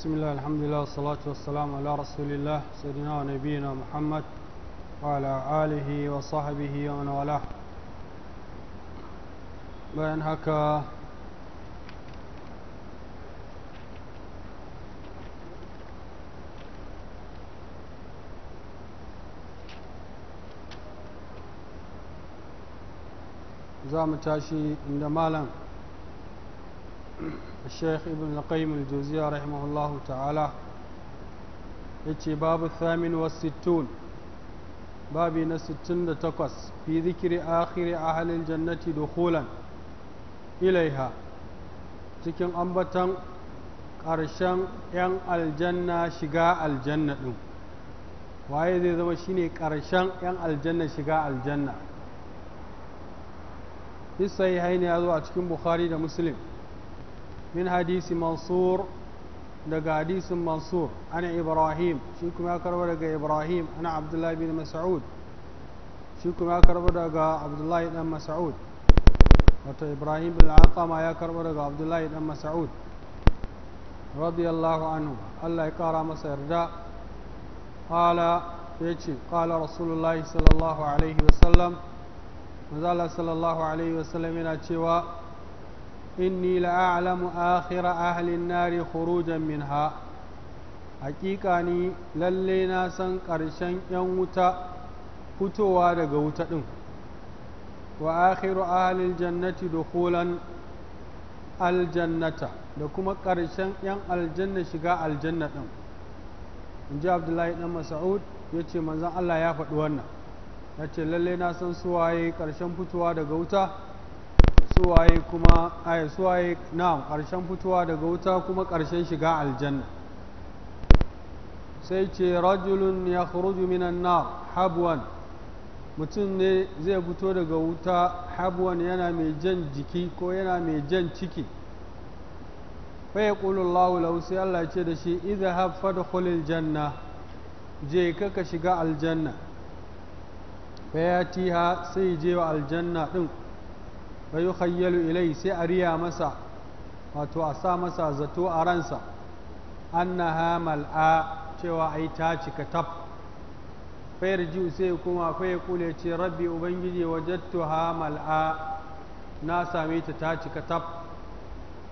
بسم الله الحمد لله والصلاة والسلام على رسول الله سيدنا ونبينا محمد وعلى آله وصحبه ومن والاه بين هكا زامتاشي عندما لم الشيخ ابن القيم الجوزية رحمه الله تعالى باب الثامن والستون باب نستن تقص في ذكر آخر أهل الجنة دخولا إليها تكن أنبتا أرشان أن الجنة شقاء الجنة وإذا ذو شيني كرشان أن الجنة شقاء الجنة إسا يهيني أذو أتكن بخاري مسلم min hadisi mansur daga hadisin mansur ana ibrahim shi kuma ya karba daga ibrahim ana abdullahi bin mas'ud shi ya karba daga abdullahi dan mas'ud wato ibrahim bin aqama ya karba daga abdullahi dan mas'ud radiyallahu anhu Allah ya kara masa yarda qala yace qala rasulullahi sallallahu alaihi wasallam manzo sallallahu alaihi wasallam yana cewa inni la'alamu akhira ahlin nari khurujan minha hakika ni lalle na san karshen 'yan wuta fitowa daga wuta ɗin wa akhiru ahlil jannati dukhulan aljannata da kuma ƙarshen 'yan aljanna shiga aljanna ɗin in ji abdullahi ɗan mas'ud ya ce manzan allah ya faɗi wannan yace ce lalle na san suwaye karshen fitowa daga wuta suwaye kuma ay eh, suwaye na'am ƙarshen fitowa daga wuta kuma ƙarshen shiga aljanna sai ce rajulun ya khuruju minan nar habwan mutum ne zai fito daga wuta habwan yana mai jan jiki ko yana mai jan ciki fa yaqulu Allahu lahu sai Allah ce da shi idhhab fadkhul janna je ka shiga aljanna fa yatiha sai je wa aljanna din فيخيل إليه سأريا مسا وتوأسا مسا زتو أرنسا أنها ملاء شوى أي تاتي كتب فيرجو سيكما فيقول يا ربي أبنجدي وجدتها ملاء ناسا ميت تاتي كتب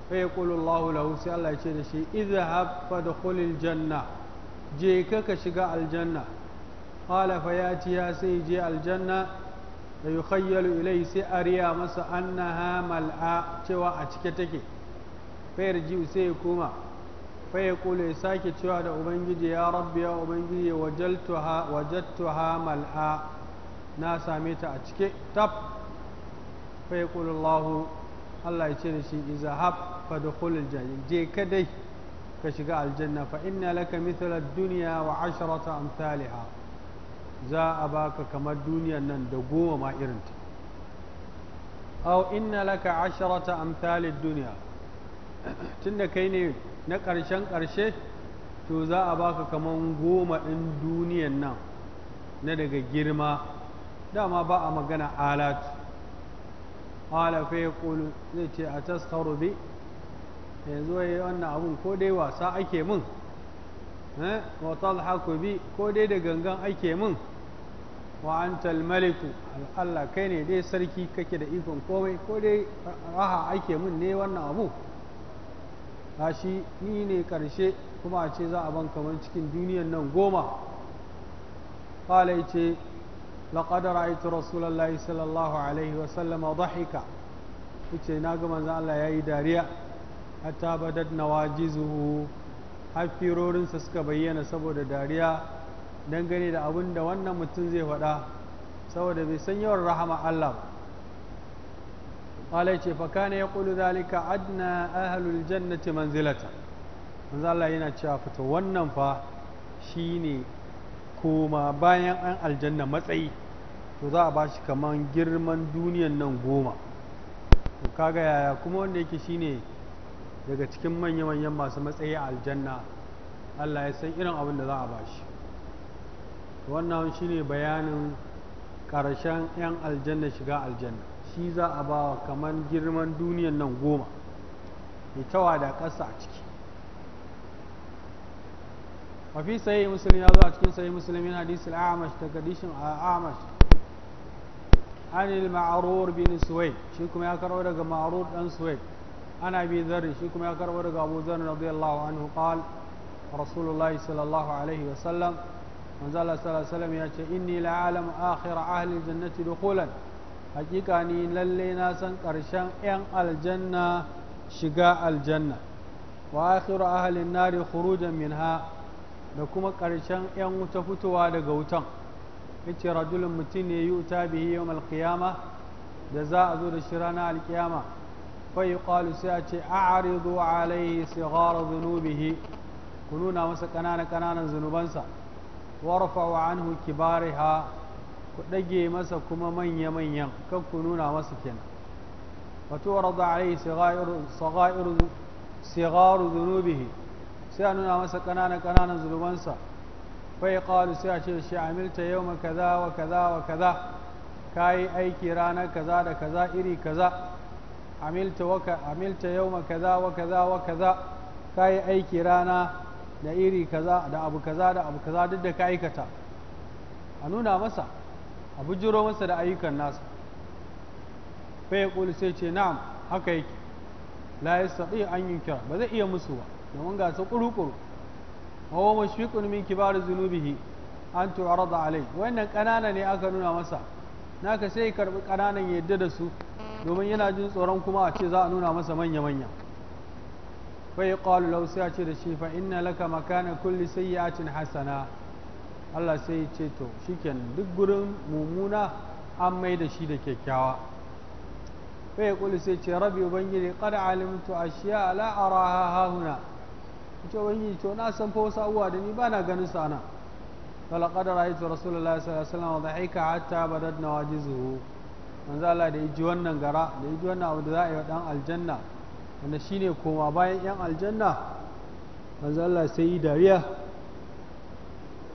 فيقول الله له سأل الله يشير شيء اذهب فدخل الجنة جيكك شقاء الجنة قال فياتيها سيجي الجنة سيخيل إليه سأريا مس أنها ملاء توا أشكتك فيرجو سيكوما فيقول إساك توا أبنجي يا ربي يا أبنجي وجلتها وجدتها ملاء ناسا ميتا أشكي تب فيقول الله الله يشرشي إذا هب فدخل الجنة جي كدي كشغال الجنة فإن لك مثل الدنيا وعشرة أمثالها za a baka kamar duniyan nan da goma ma irinta aw inna laka asharata amthalid duniya tunda kai ne na ƙarshen ƙarshe to za a baka kamar goma ɗin duniyan nan na daga girma dama ba a magana alat ala fa yaqulu zai ce a taskaru bi yanzu wai wannan abun ko dai wasa ake min eh, wa talhaku bi ko dai da gangan ake min wa maliku Allah kai ne dai sarki kake da ikon komai ko dai raha ake mun ne wannan abu shi ni ne karshe kuma ce za a ban kamar cikin duniyan nan goma qala yace laqad ra'aytu rasulullahi sallallahu alaihi wa sallam dhahika yace na ga manzon Allah yayi dariya hatta badad nawajizuhu haffirorinsa suka bayyana saboda dariya dangane da abin da wannan mutum zai faɗa saboda bai san yawan rahama Allah ba Allah ce ya kana zalika adna ahalul jannati manzilata manzo Allah yana cewa fito wannan fa shine koma bayan an aljanna matsayi to za a bashi kamar girman duniyan nan goma to kaga yaya kuma wanda yake shine daga cikin manya-manyan masu matsayi a aljanna Allah ya san irin abin da za a bashi wannan shine bayanin ƙarshen 'yan aljanna shiga aljanna shi za a ba kamar girman duniyan nan goma ita da ƙasa a ciki wafi sai musulmi ya zo a cikin sai musulmin hadisul amash ta kadishin amash anil ma'arur bin suwaid shi kuma ya karɓo daga ma'arur dan suwaid ana bi zarri shi kuma ya karɓo daga abu zarri radiyallahu anhu qal rasulullahi sallallahu alaihi wa sallam manzo Allah sallallahu alaihi wasallam ya ce inni la'alamu akhir ahli jannati dukhulan hakika ni lalle na san karshen yan aljanna shiga aljanna wa akhiru ahli nari khurujan minha da kuma karshen yan wuta fitowa daga wutan yace rajulun mutum ne yuta bihi yawmal qiyama da za a zo da shi ranar alkiyama fa yuqalu sai a ce a'ridu alaihi sighara dhunubihi ku nuna masa ƙananan ƙananan zunubansa ورفع عنه كبارها دجي مسا كما من يمن يم كنكونا مسا كنا وتورض عليه صغائر صغائر صغار ذنوبه سأننا مسا كنانا كنانا ذنوبانسا فيقال سيأتي الشيء عملت يوم كذا وكذا وكذا كاي أي كيرانا كذا دا كذا إري كذا عملت وك عملت يوم كذا وكذا وكذا كاي أي كيرانا da iri kaza da abu kaza da abu kaza duk da ka aikata a nuna masa a bujiro masa da ayyukan nasa fa kuli sai ce na'am haka yake la yastati an yunkira ba zai iya musu ba domin ga su kurukuru wa mashfiqun min kibar zunubihi an tu'rada alai wannan kanana ne aka nuna masa naka sai karbi kananan yadda da su domin yana jin tsoron kuma a ce za a nuna masa manya manya fa yuqalu law sai a ce da shi fa inna laka makana kulli sayyi'atin hasana Allah sai ya ce to shikenan duk gurin mummuna an mai da shi da kyakkyawa fa yaqulu sai ce rabbi ubangiji qad alimtu ashiya la araha ce to na san da ni ba na ganin sana. ana فلقد رأيت رسول الله صلى الله عليه وسلم ضحك حتى بدت نواجزه manzo da ji wannan gara da ji wannan abu da za a yi wa ɗan aljanna wanda shine koma bayan yan aljanna manzo Allah sai yi dariya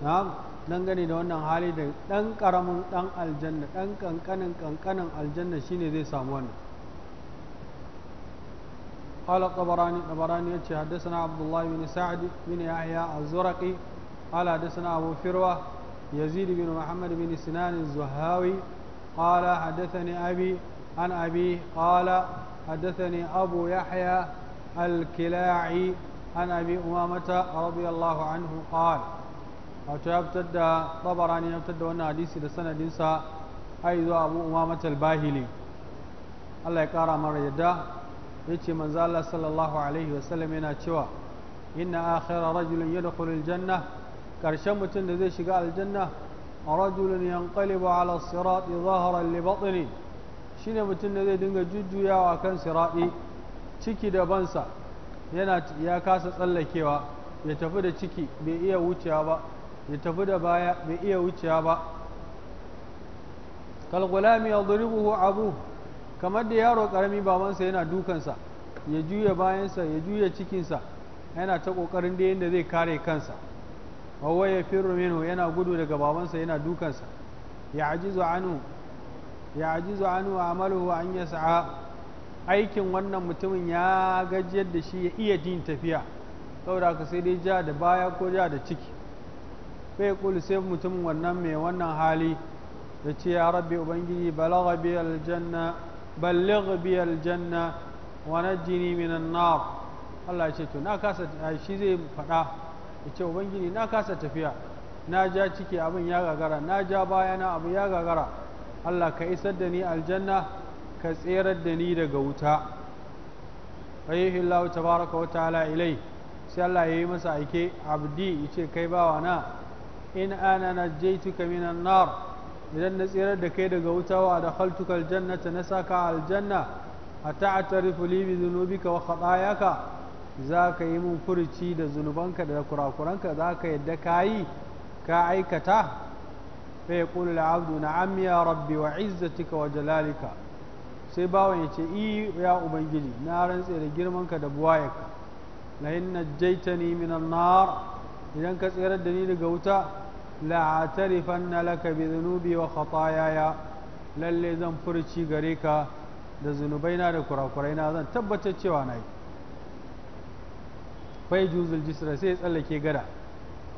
Na dangane da wannan hali da ɗan ƙaramin ɗan aljanna ɗan ƙanƙanin ƙanƙanin aljanna shine zai samu wannan قال الطبراني الطبراني حدثنا عبد الله بن سعد بن يحيى الزرقي قال حدثنا أبو فروة يزيد بن محمد بن سنان الزهاوي قال حدثني أبي عن أبيه قال حدثني أبو يحيى الكلاعي عن أبي أمامة رضي الله عنه قال وتبتد طبراني يبتد وانا حديثي لسنة دينسا أيضا أيوة أبو أمامة الباهلي الله يقارى مرة يدا يتي من زال صلى الله عليه وسلم ينا تشوى إن آخر رجل يدخل الجنة كرشمة ذي شقاء الجنة رجل ينقلب على الصراط ظهرا لبطنه shine mutum da zai dinga jujjuyawa kan sira'i ciki da bansa yana ya kasa tsallakewa ya tafi da ciki bai iya wucewa ba ya tafi da baya bai iya wucewa ba kalgulami ya duribuhu abu kamar da yaro karami babansa yana dukansa ya juya bayansa ya juya cikinsa yana ta kokarin da yadda zai kare kansa wawa ya firru yana gudu daga babansa yana dukansa ya ajizu anu ya a anhu amaluhu an sa'a aikin wannan mutumin ya gajiyar da shi ya iya din tafiya saboda haka sai dai ja da baya ko ja da ciki bai kulu sai mutumin wannan mai wannan hali da ce ya rabbi ubangiji balagha bi aljanna balligh bi aljanna wa minan nar Allah ya ce to na kasa shi zai faɗa ya ce ubangiji na kasa tafiya na ja ciki abin ya gagara na ja bayana abu ya gagara Allah ka isar da ni aljanna ka tserar da ni daga wuta fayihi wata tabaraka wa ta'ala ilai sai Allah yi masa aike abdi yace kai bawa na in ana najaytuka minan nar idan na tserar da kai daga wuta wa adkhaltuka aljannata na saka aljanna ata'tarifu li bi dhunubika wa khatayaka za ka yi mun furuci da zunubanka da kurakuranka za ka yadda ka yi ka aikata فيقول العبد نعم يا ربي وعزتك وجلالك sai bawan ya ce i ya ubangiji na rantse da girmanka da buwayarka la in najjaitani minan nar idan ka tsirar da ni daga wuta la atarifanna laka bi dhunubi wa khataayaya lalle zan furci gare ka da zunubaina da kurakuraina zan tabbatar cewa na yi fai juzul jisra sai ya tsallake gada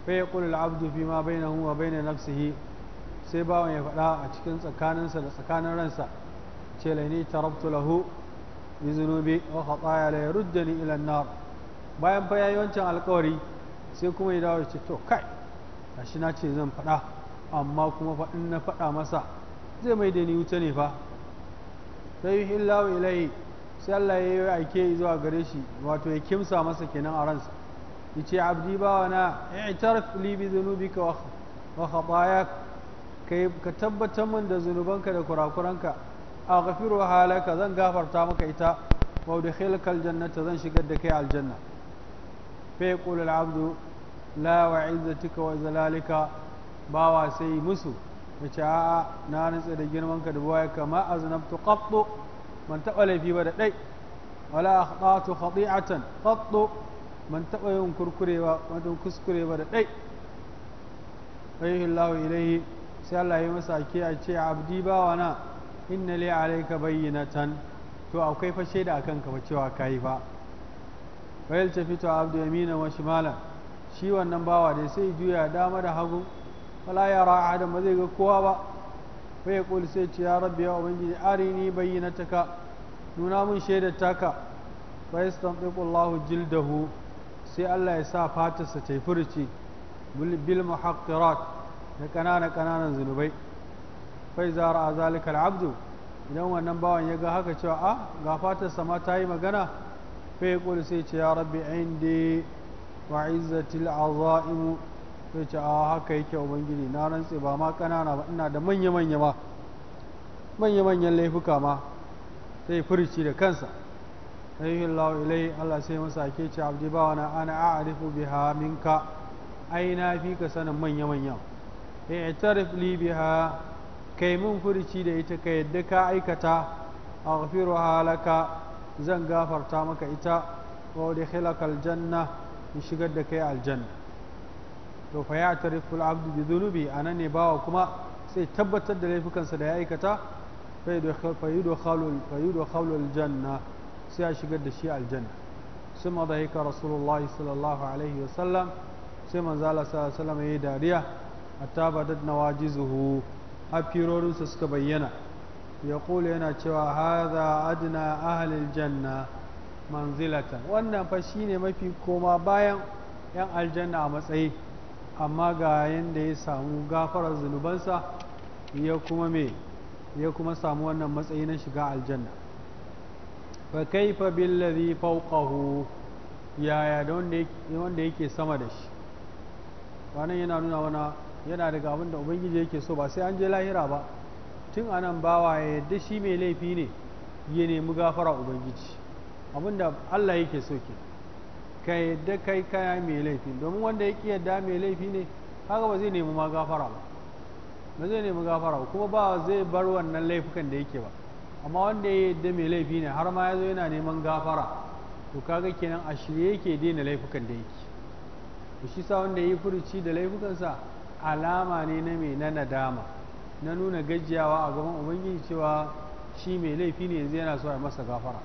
fai ya qul al abdu fi ma bainahu wa bain nafsihi sai bawan ya faɗa a cikin tsakaninsa da tsakanin ransa ce laini tarabtu lahu bi zunubi wa khataya la yaruddani ila an-nar bayan fa yayi wancan alƙawari sai kuma ya dawo ce to kai gashi na ce zan faɗa amma kuma fa in na faɗa masa zai mai da ni wuta ne fa sai hillahu ilai sai Allah ya yi aike zuwa gare shi wato ya kimsa masa kenan a ransa yace abdi bawana i'tarf li bi dhunubika wa khatayak ka tabbatar min da zunubanka da kurakuranka a gafiru halaka zan gafarta maka ita wa udkhilka aljannata zan shigar da kai aljanna fa yaqulu alabdu la wa izzatika wa zalalika bawa sai musu yace a'a na rantsa da girmanka da baya kama aznabtu qattu man taba laifi ba da dai wala akhtatu khati'atan qattu man taba yin kurkurewa wato kuskure ba da dai ayyuhillahu ilayhi sai Allah ya masa a ce abdi ba na inna li alayka bayyinatan to akwai fa shaida akan ka cewa kai ba wayal tafitu abdu yamina wa shimala shi wannan bawa dai sai juya dama da hagu wala yara adam ba zai ga kowa ba ya kuli sai ce ya rabbi ya ubangiji arini bayyinataka nuna mun shaida taka fa Allahu jildahu sai Allah ya sa fatarsa ta yi furuci bil muhaqqirat da ƙananan ƙananan zunubai fai zara a zalikar abdu idan wannan bawan ya ga haka cewa a ah, ga fatar sama ta yi magana fai ya ƙuli sai ce ya rabbi indi wa izzatil azaimu sai ce a ah, haka yake ubangiji na rantse ba ma ƙanana ba ina da manya manya ma manya manyan laifuka ma sai furici da kansa sai Allah ilai Allah sai masa ke ce abdi bawana ana a'rifu biha minka ai na fi ka sanin manya manya اعترف لي بها كي منفر تشيدي تكي يدك عيكتا أغفرها لك زن غافر تامك إتا ودخلك الجنة يشغدك الجنة فيعترف العبد بذنوبي أنا سي نباوكما سيتبت دليفكا سدي عيكتا فيدخل الجنة سيشغد شيء الجنة ثم ذهك رسول الله صلى الله عليه وسلم ثم زال صلى الله عليه وسلم إيه hatta badat nawajizuhu hafirorinsa suka bayyana ya kula yana cewa haza adina ahalin janna manzilatan wannan fa shi ne mafi koma bayan yan aljanna a matsayi amma ga yadda ya samu gafarar zunubansa ya kuma me ya kuma samu wannan matsayi na shiga aljanna fa kaifa billazi fawqahu yaya da wanda yake sama da shi wannan yana nuna wana yana daga abin da ubangiji yake so ba sai an je lahira ba tun a nan bawa ya yadda shi mai laifi ne ya nemi gafara ubangiji abin da Allah yake so ke ka yadda kai kaya mai laifi domin wanda yake yadda mai laifi ne haka ba zai nemi ma gafara ba ba zai nemi gafara ba kuma ba zai bar wannan laifukan da yake ba amma wanda ya yadda mai laifi ne har ma ya zo yana neman gafara to kaga kenan a shirye yake daina laifukan da yake to shi sa wanda ya yi furuci da laifukansa alama ne na mai na nadama na nuna gajiyawa a gaban ubangiji cewa shi mai laifi ne yanzu yana so a masa gafara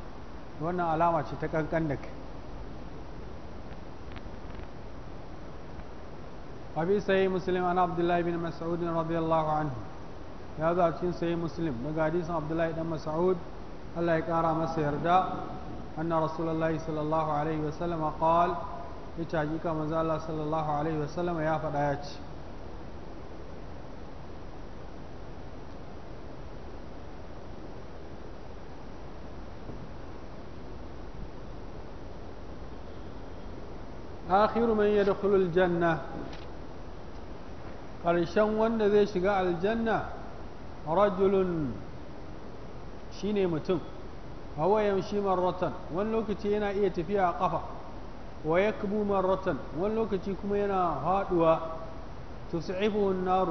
wannan alama ce ta kankan da kai abin sai muslim ana abdullahi bin mas'ud radiyallahu anhu ya zo a cikin sai muslim daga hadisin abdullahi dan mas'ud Allah ya kara masa yarda anna rasulullahi sallallahu alaihi wasallam qala ita hakika manzo Allah sallallahu alaihi wasallam ya faɗa ya ce آخر من يدخل الجنة قرشان وند ذي شقاء الجنة رجل شيني متم هو يمشي مرة ونلوك تينا إيت فيها قفا ويكبو مرة ونلوك تيكم ينا هادوا تسعبه النار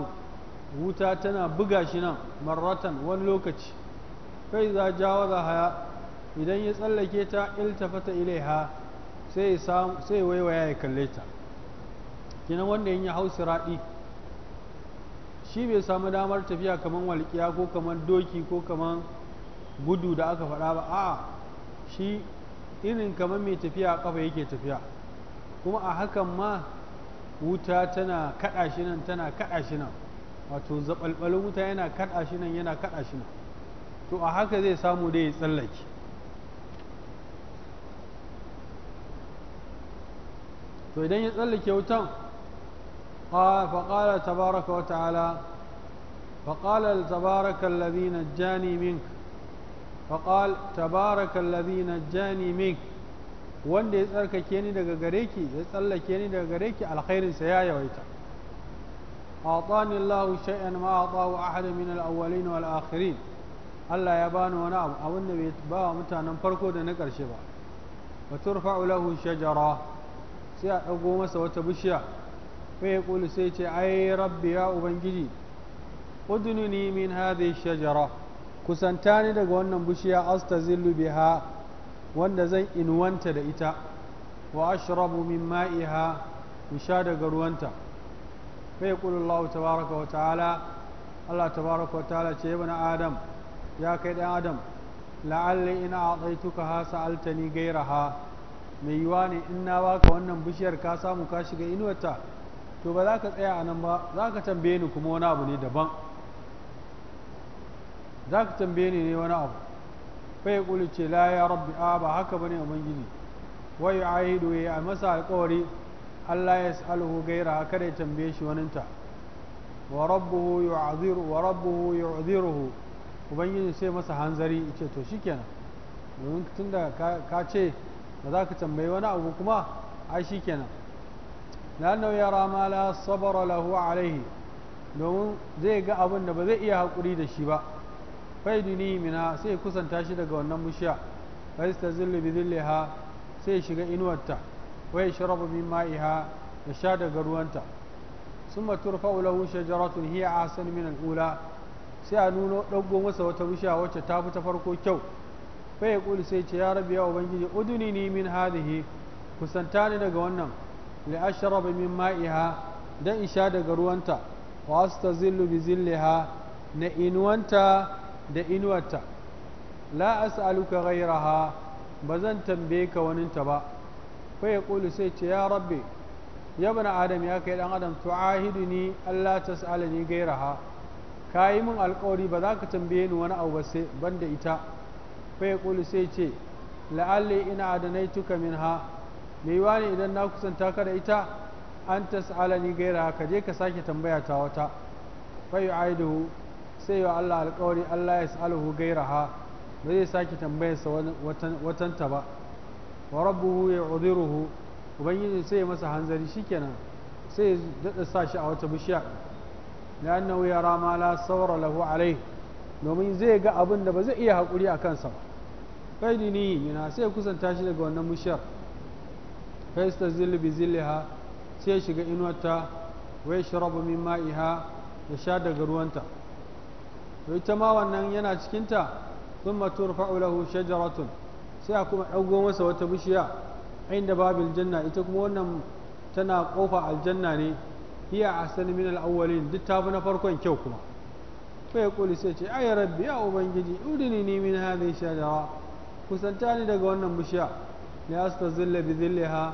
وتاتنا بقاشنا مرة ونلوك فإذا جاوزها إذا يسألكيتا التفت إليها sai sai waiwaya ya kalle ta kinan wanda yin ya hau siraɗi shi bai samu damar tafiya kamar walƙiya ko kamar doki ko kamar gudu da aka faɗa ba a shi irin kamar mai tafiya a ƙafa yake tafiya kuma a hakan ma wuta tana kaɗa shi nan tana kaɗa shi nan wato zaɓalɓalin wuta yana kaɗa shi nan yana kaɗa shi nan to a haka zai samu dai ya tsallake فإذا يتسلك يوتا قال فقال تبارك وتعالى فقال تبارك الذي نجاني منك فقال تبارك الذي نجاني منك وند يتسلك كيني دقا غريكي يتسلك كيني دقا غريكي الخير سيايا ويتا أعطاني الله شيئا ما أعطاه أحد من الأولين والآخرين الله يبان ونعم أو النبي يتباه متى نمبركو دنكر شبا وترفع له شجرة sai a ɗago masa wata bishiya fa ya ƙulu sai ce ai rabbi ya ubangiji udununi min hadhihi shajara kusanta ni daga wannan bishiya astazillu biha wanda zan inuwanta da ita wa ashrabu min ma'iha in sha daga ruwanta fa ya ƙulu Allah tabaraka wa ta'ala Allah tabaraka wa ta'ala ce ibn adam ya kai dan adam la'alli in a'taituka ha sa'altani gairaha mai yiwa ne in na baka wannan bishiyar ka samu ka shiga inuwata to ba za ka tsaya a nan ba za ka tambaye ni kuma wani abu ne daban za ka tambaye ni ne wani abu fa ya kuli ce la ya rabbi a ba haka bane ubangiji wa ya ahidu ya masa alƙawari Allah ya sa'alhu gaira kada ya tambaye shi waninta wa rabbuhu yu'ziru wa rabbuhu yu'ziruhu ubangiji sai masa hanzari yace to shikenan domin tunda ka ce da za ka tambayi wani abu kuma ai shi kenan lannan ya rama la sabara lahu alaihi domin zai ga abin da ba zai iya haƙuri da shi ba duni mina sai kusanta shi daga wannan bishiya fa ta zillu bi zilliha sai shiga inuwarta wa yashrabu min ma'iha ya sha daga ruwanta sun turfa'u lahu shajaratun hiya ahsan min al sai a nuno ɗaggo masa wata bishiya wacce ta fi ta farko kyau fa ya kuli sai ce ya rabbi ya ubangiji uduni ni min hadhihi kusanta ni daga wannan li ashraba min ma'iha dan isha daga ruwanta wa astazillu bi zilliha na inuwanta da inuwarta la as'aluka ghayraha bazan tambaye ka waninta ba fa ya kuli sai ce ya rabbi ya bani adam ya kai dan adam tu'ahiduni Allah tas'alani gairaha kayi min alƙawari ba za ka tambaye ni wani abu ba sai banda ita ya sai ce la'alli ina tuka min ha mai yiwa ne idan na kusanta ka da ita an ni gaira ka je ka sake tambaya ta wata fayyu aidu sai wa Allah alkawari Allah ya sa'aluhu gaira ha ba zai sake sa watanta ba wa rabbuhu ya udiruhu ubangiji sai masa hanzari shikenan sai daɗa sa shi a wata bishiya da ya rama la saura lahu alai domin zai ga abin da ba zai iya haƙuri a kansa ba kai ni yana sai kusanta shi daga wannan mushar kai zilli bi ha sai shiga inuwarta wai shirabu min ma'iha ya sha daga ruwanta to ita ma wannan yana cikinta sun matur fa'ulahu shajaratun sai a kuma ɗago masa wata bishiya inda Babu Aljanna ita kuma wannan tana kofa aljanna ne hiya sani min al duk ta fi na farkon kyau kuma fa yaqulu sai ce ay rabbi ya ubangiji udini ni min hadhihi shajara kusanta ni daga wannan bishiya la astazilla bi ha,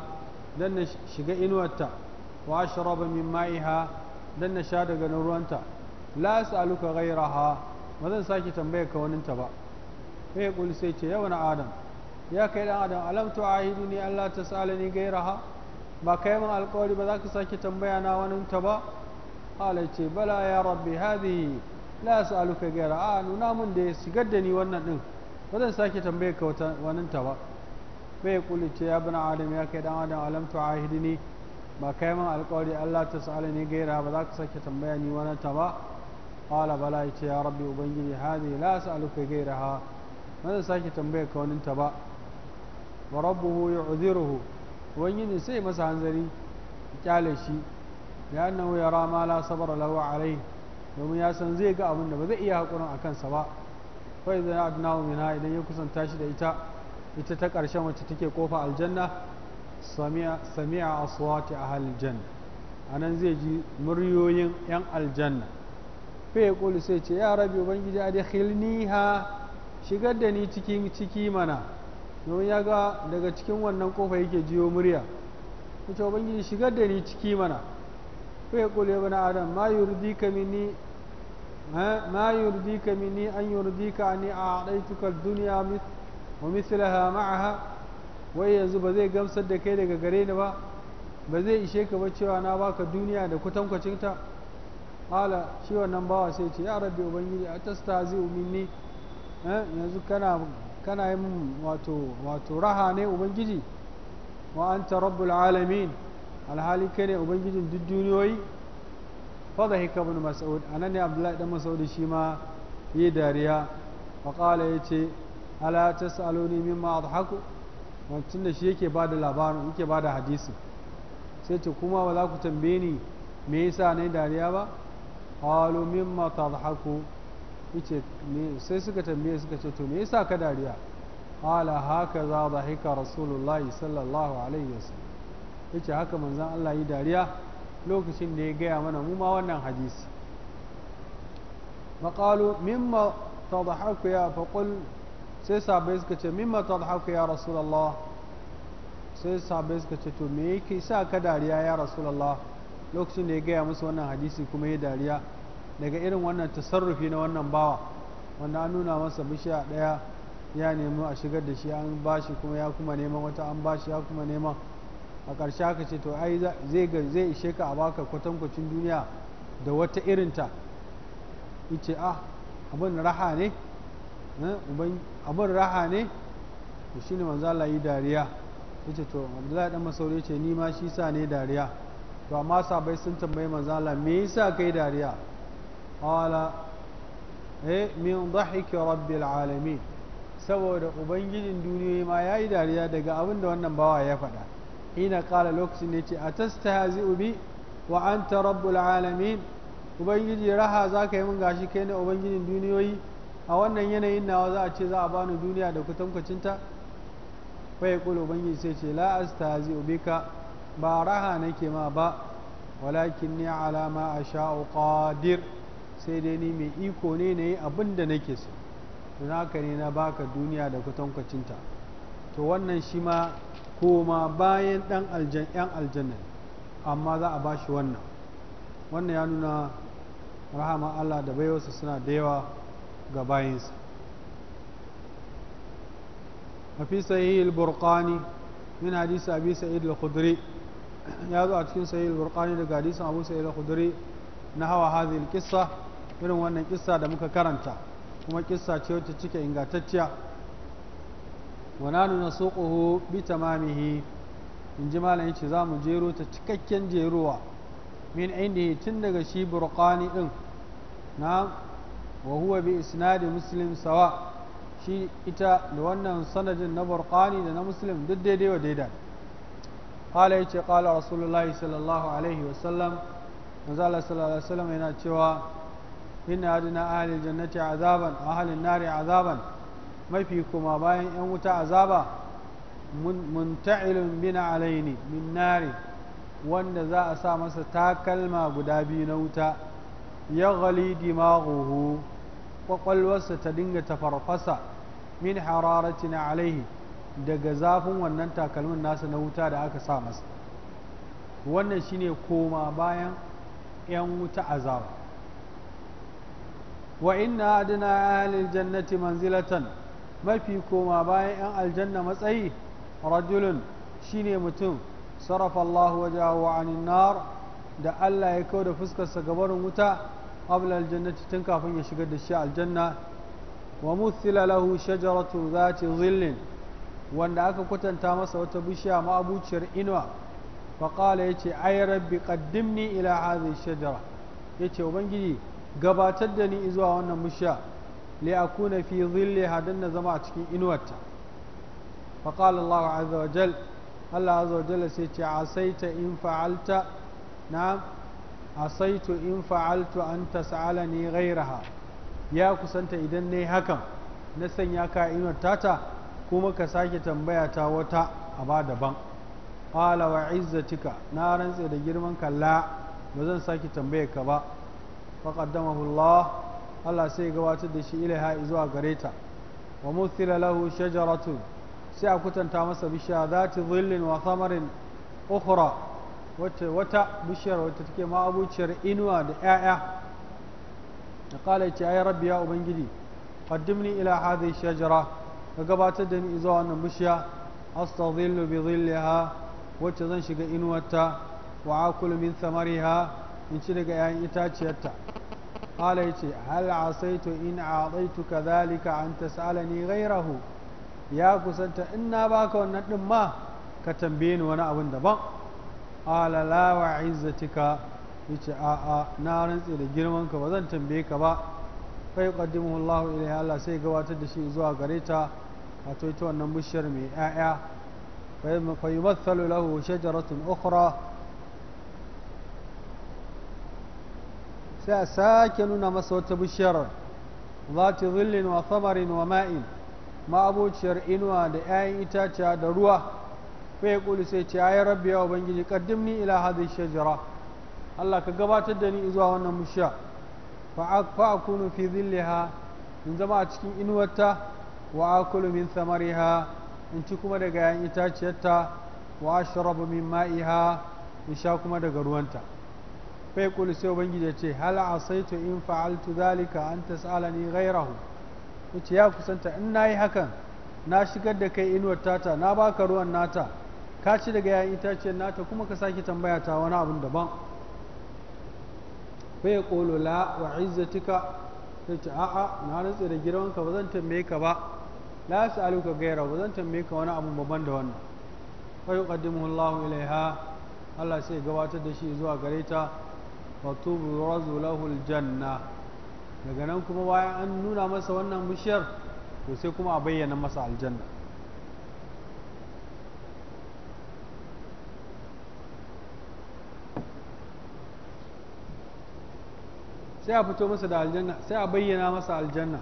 dan na shiga inuwarta wa ashraba min ma'iha dan na sha daga ruwanta la as'aluka ghayraha ba zan sake tambayar ka waninta ba fa yaqul sai ce ya wani adam ya kai dan adam alam tu'ahiduni alla tas'alani ghayraha ba kai mun alƙawari ba za ka sake tambaya na waninta ba qala ce bala ya rabbi hadhihi la as'aluka ghayraha nuna mun da ya shigar da ni wannan din bazan zan sake tambaye ka waninta ba bai kuli ce ya bana adam ya kai dan adam alam tu ahidini ba kai man alƙawari Allah ta sa'ala gaira ba za ka sake tambaya ni waninta ba qala bala ce ya rabbi ubangiji hadi la as'aluka gaira ba zan sake tambaye ka waninta ba wa rabbuhu yu'dhiruhu ubangiji sai masa hanzari kyale shi da annahu yara ma la sabara lahu alayhi domin ya san zai ga abin da ba zai iya hakurin akan sa ba fa idza adnahu minha idan ya kusanta shi da ita ita ta ƙarshen wacce take kofa aljanna sami'a a aswati ahli aljanna anan zai ji muryoyin yan aljanna ya kulu sai ce ya rabbi ubangiji ha shigar da ni cikin ciki mana domin ya ga daga cikin wannan kofa yake jiyo murya ita ubangiji shigar da ni ciki mana ya kulu ya bani adam ma ka mini. ما يرضيك مني أن يرضيك أني أعطيتك الدنيا ومثلها معها wai yanzu ba zai gamsar da kai daga gare ba ba zai ishe ka ba cewa na baka duniya da kwatankwacinta hala shi wannan bawa sai ce ya rabbi ubangiji a tasta zai umarni yanzu kana kana yin wato wato raha ne ubangiji wa anta rabbul alhali kane ubangijin duk duniyoyi fada hika bin mas'ud anan ne abdullahi dan mas'ud shi ma yi dariya wa qala yace ala tasaluni mimma adhaku wancan da shi yake bada labarin yake bada hadisi sai ce kuma ba za ku tambaye ni me yasa ne dariya ba qalu mimma tadhaku yace sai suka tambaye suka ce to me yasa ka dariya qala hakaza dhahika rasulullahi sallallahu alaihi wasallam yace haka manzon Allah yi dariya lokacin da ya gaya mana mu ma wannan hadisi maƙalu mimma tadhaku ya faqul sai sabai suka ce mimma tadhaku ya rasulullah sai sabai suka ce to me yake sa ka dariya ya rasulullah lokacin da ya gaya musu wannan hadisi kuma ya dariya daga irin wannan tasarrufi na wannan bawa wanda an nuna masa bishiya ɗaya ya nemi a shigar da shi an bashi kuma ya kuma neman wata an bashi ya kuma neman a ƙarshe aka ce to ai zai zai ishe ka a baka kwatankwacin duniya da wata irinta ice a ah, abin raha ne eh, abin raha ne to shine manzo Allah yi dariya yace to Abdullahi dan Masauri ce ni ma shi sa ne dariya to amma sabai sun tambaye manzo Allah me yasa kai dariya qala eh min dhahiki rabbil alamin saboda ubangijin duniyoyi ma yayi dariya daga abin da wannan bawa ya faɗa hina kala lokacin da ce a tastahzi ubi wa ta rabbul alamin ubangiji raha za ka yi min gashi kai na ubangijin duniyoyi a wannan yanayin nawa za a ce za a bani duniya da kutankwacinta fa ya kula ubangiji sai ce la ubi ubika ba raha nake ma ba walakin ni alama a shao qadir sai dai ni mai iko ne na yi abin da nake so ne na baka duniya da kwatankwacinta to wannan shi ma koma bayan ɗan yan aljanna amma za a bashi wannan wannan ya nuna rahama Allah da baiwarsa suna da yawa ga bayansa mafi sahih al-burqani min hadisi abi sa'id al-khudri ya zo a cikin sahih al-burqani daga hadisin abu sa'id al-khudri na hawa hadhihi al-qissa irin wannan kissa da muka karanta kuma kissa ce wacce cike ingantacciya wa nanu nasuquhu bi tamamihi in ji malam yace za mu ta cikakken jerowa min indihi tun daga shi burqani din na wa huwa bi isnadi muslim sawa shi ita da wannan sanadin na burkani da na muslim duk daidai wa daidai qala yace qala rasulullahi sallallahu alaihi wa sallam manzo sallallahu alaihi wa sallam yana cewa inna adna ahli jannati azaban ahli nari azaban mafi kuma bayan yan wuta azaba munta'ilun bina alaini min nari wanda za a sa masa takalma guda biyu na wuta ya gali dimaghuhu kwakwalwarsa ta dinga tafarfasa min hararatin alaihi daga zafin wannan takalmin nasa na wuta da aka sa masa wannan shine koma bayan 'yan wuta azaba wa inna adna ahlil jannati manzilatan mafi koma bayan 'yan aljanna matsayi rajulun shine mutum sarrafa Allah wajahu nar da Allah ya kawo da fuskarsa gabarin wuta qabla aljannati tun kafin ya shigar da shi aljanna wa muthila lahu shajaratu zati zillin wanda aka kwatanta masa wata bishiya ma'abuciyar inuwa faƙala ya ce ai rabbi qaddimni ila hadhihi shajara ya ce ubangiji gabatar da ni zuwa wannan bishiya le a ku na hadan zama a cikin inuwata baƙala allahu arha a zubar da jala allahu arha sai ce a in faɗa al-tawana in faɗa an tasa alani rairaha ya kusanta idan nayi hakan na sanya ka kaya inuwa kuma ka sake tambaya ta wata a ba daban ba la wa ciz na rantse da girman kalla ba zan sake tambaya ka ba ba ka damu Allah sai gabatar da shi ilaiha zuwa gare ta wa muthila lahu shajaratun sai a kutanta masa bishiya zati dhillin wa thamarin ukhra wata wata bishiyar wata take ma abuciyar inuwa da 'ya'ya da kala ce ai rabbi ya ubangiji qaddimni ila hadhihi shajara ka gabatar da ni zuwa wannan bishiya astadhillu bi dhillaha wacce zan shiga inuwarta wa akulu min samariha in ci daga 'ya'yan itaciyarta قال يتي هل عصيت إن عطيتك ذلك أن تسألني غيره يا كسنت إنا باك ونطلب ما كتنبين وانا أبن دبا قال لا وعزتك يتي آآ آه، آه، نارنس إلى جرمانك وزن تنبيك با فيقدمه الله إليه الله سيقوا تدشي إزوا قريتا وتويتو أن مبشر مي آآ فيمثل له شجرة أخرى sai a sake nuna masa wata bishiyar zati zillin wa samarin wa ma'in ma'abociyar inuwa da 'ya'yan itaciya da ruwa fa ya kuli sai ce ayi rabbi ya ubangiji ni ila hadhihi shajara Allah ka gabatar da ni zuwa wannan bishiya fa akunu fi zillaha in zama a cikin inuwarta wa akulu min samariha in ci kuma daga 'ya'yan itaciyarta wa ashrabu min ma'iha in sha kuma daga ruwanta fai sai ubangiji ya ce hal asaitu in fa'altu zalika an tas'alani ghairahu yace ya kusanta in nayi hakan na shigar da kai inuwar tata na baka ruwan nata ka ci daga yayin itaciyar nata kuma ka sake tambaya ta wani abun daban fai la wa izzatika yace a'a na rantse da gidanka ba zan tambaye ka ba la sa'aluka ghairahu ba zan tambaye ka wani abu baban da wannan fa yuqaddimuhu Allahu ilaiha Allah sai gabatar da shi zuwa gareta. fatubraz lahu aljanna daga nan kuma bayan an nuna masa wannan bishiyar to sai kuma a bayyana masa aljanna sai a fito masa da aljanna sai a bayyana masa aljanna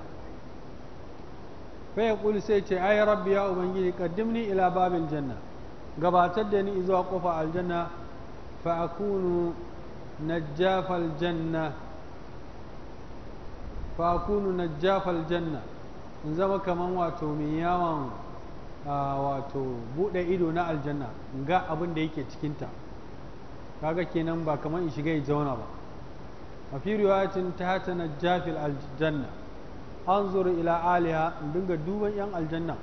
fa yaqulu sai ce ay rabbi ya ubangiji qaddimni ila babil janna gabatar da ni zuwa kofa aljanna fa akunu نجاف الجنة فأكون نجاف الجنة in zama kaman wato mai yawan wato buɗe ido na aljanna in ga abin da yake cikinta kaga kenan ba kaman in shiga ya ba a fi riwayatin ta hata na jafil aljanna an zuru ila aliha in dinga duban yan aljanna